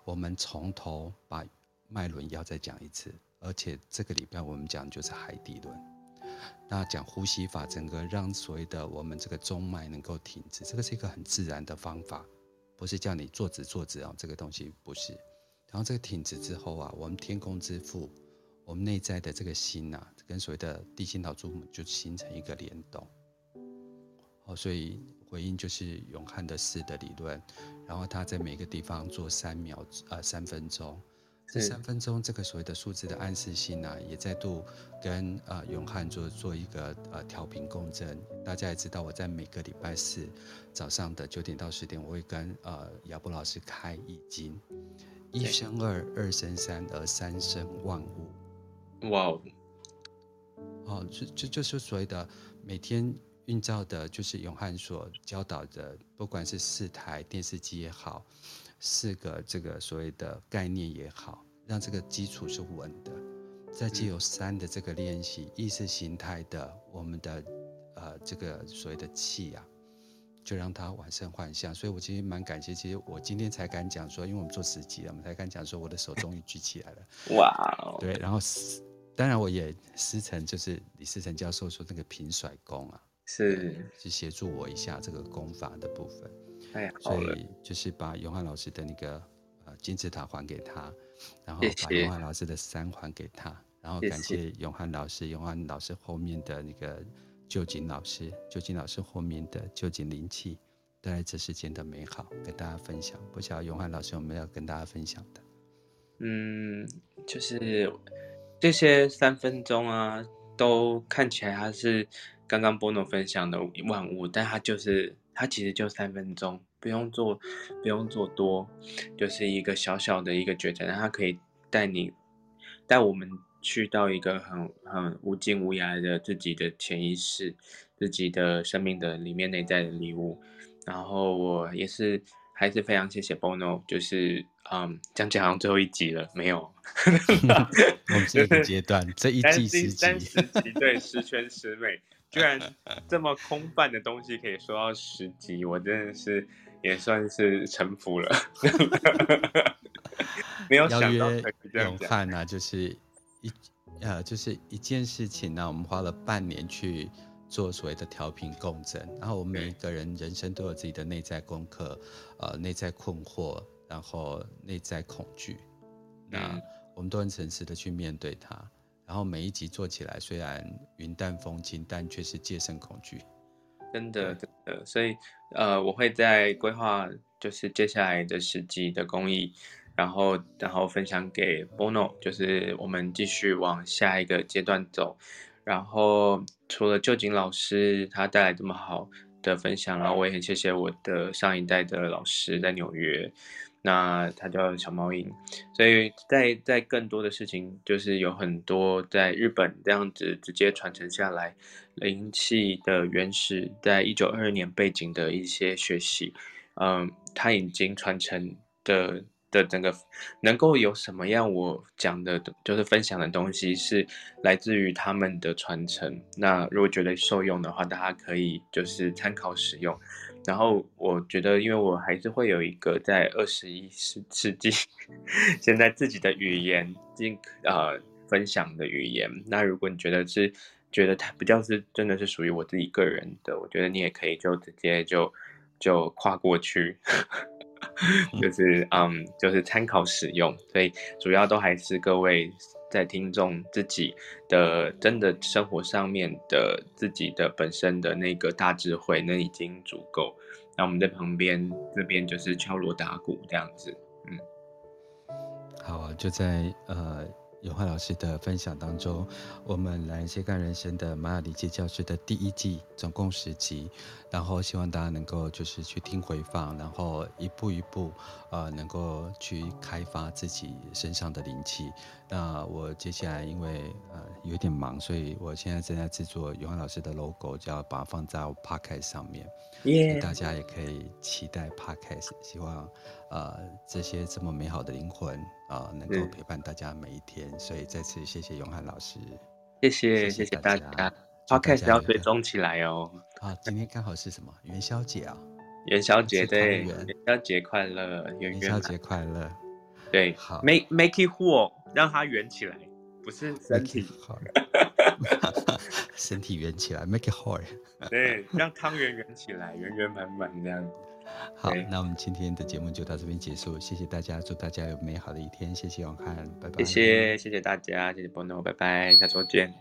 我們從頭把脈輪要再講一次，而且這個禮拜我們講的就是海底輪。那講呼吸法，整個讓所謂的我們這個中脈能夠挺直，這個是一個很自然的方法，不是叫你坐直坐直哦。這個東西不是。然後這個挺直之後啊，我們天空之父。我們內在的這個心吶、啊，跟所謂的地心老祖母就形成一個聯動，哦，所以回應就是擁瀚的四的理論，然後他在每個地方做三秒呃三分鐘，這三分鐘這個所謂的數字的暗示性呢、啊，的也再度跟呃擁瀚做做一個呃調頻共振。大家也知道，我在每個禮拜四早上的九點到十點，我會跟呃姚波老師開易經，的一生二，二生三，而三生萬物。哇哦！Wow 哦，就就就是所謂的每天運造的，就是擁瀚所教導的，不管是四台電視機也好，四個這個所謂的概念也好，讓這個基礎是穩的。再借由三的這個練習，嗯、意識形態的我們的呃這個所謂的氣呀、啊，就讓它完勝幻象。所以，我其實蠻感謝，其實我今天才敢講說，因為我們做十集了，我們才敢講說，我的手終於舉起來了。哇哦 Wow！對，然後。當然，我也師承就是李師承教授說那個平甩功啊，是是協助我一下這個功法的部分。哎呀，所以就是把擁瀚老師的那個金字塔還給他，然後把擁瀚老師的山還給他，謝謝，然後感謝擁瀚老師。擁瀚謝老師後面的那個臼井老師，臼井老師後面的臼井靈氣帶來這世間的美好，跟大家分享。不曉得擁瀚老師有沒有要跟大家分享的？嗯，就是。這些三分鐘啊，都看起來它是剛剛波諾分享的萬物，但它就是它其實就三分鐘，不用做，不用做多，就是一個小小的一個抉擇，它可以帶你帶我們去到一個很很無盡無涯的自己的潛意識、自己的生命的裡面內在的禮物。然後我也是還是非常謝謝波諾，就是。嗯，講講好像最後一集了，沒有。 我們是這個階段， 這一季十集， 十集，對，十全十美，居然這麼空泛的東西可以說到十集， 我真的是也算是臣服了。 沒有想到邀約擁瀚呢、啊，就是一呃，就是一件事情呢、啊，我們花了半年去做所謂的調頻共振，然後我們每一個人人生都有自己的內在功課，呃，內在困惑。然後內在恐懼，嗯、那我們都很誠實的去面對它。然後每一集做起來雖然雲淡風輕，但卻是戒慎恐懼，真的真的。所以呃，我會在規劃就是接下來的十集的公益，然後然後分享給 Bono，就是我們繼續往下一個階段走。然後除了臼井老師他帶來這麼好的分享，然後我也很謝謝我的上一代的老師在紐約。那它叫小貓鷹，所以在在更多的事情，就是有很多在日本這樣子直接傳承下來，靈氣的原始，在一九二二年背景的一些學習，嗯，他已經傳承的的整個，能夠有什麼樣我講的，就是分享的東西是來自於他們的傳承。那如果覺得受用的話，大家可以就是參考使用。然後我覺得，因為我還是會有一個在二十一世世紀，現在自己的語言進呃分享的語言。那如果你覺得是覺得它不叫是真的是屬於我自己個人的，我覺得你也可以就直接就就跨過去， 就是嗯、 um, 就是參考使用。所以主要都還是各位。在聽眾自己的真的生活上面的自己的本身的那個大智慧，那已經足夠。那我們在旁邊這邊就是敲鑼打鼓這樣子，嗯，好啊，就在呃擁瀚老師的分享當中，我們來先看人生的馬雅靈氣教室的第一季，總共十集。然後希望大家能夠就是去聽回放，然後一步一步呃，能夠去開發自己身上的靈氣。那我接下來因為呃有點忙，所以我現在正在製作擁瀚老師的 logo，就要把它放在 podcast 上面，大家也可以期待 podcast。希望呃這些這麼美好的靈魂啊，能夠陪伴大家每一天。所以再次謝謝擁瀚老師，謝謝謝謝大家。podcast 要追蹤起來哦。好，今天剛好是什麼元宵節啊？元宵節對，元宵節快樂，元宵節快樂，對，make make it whole。讓它圓起來，不是身體，哈哈哈哈哈，身體圓起來，make it whole。 對，讓湯圓圓起來，圓圓滿滿的樣子。好，對那我們今天的節目就到這邊結束，謝謝大家，祝大家有美好的一天，謝謝擁瀚，拜拜，謝謝謝謝大家，謝謝波諾，拜拜，下周見。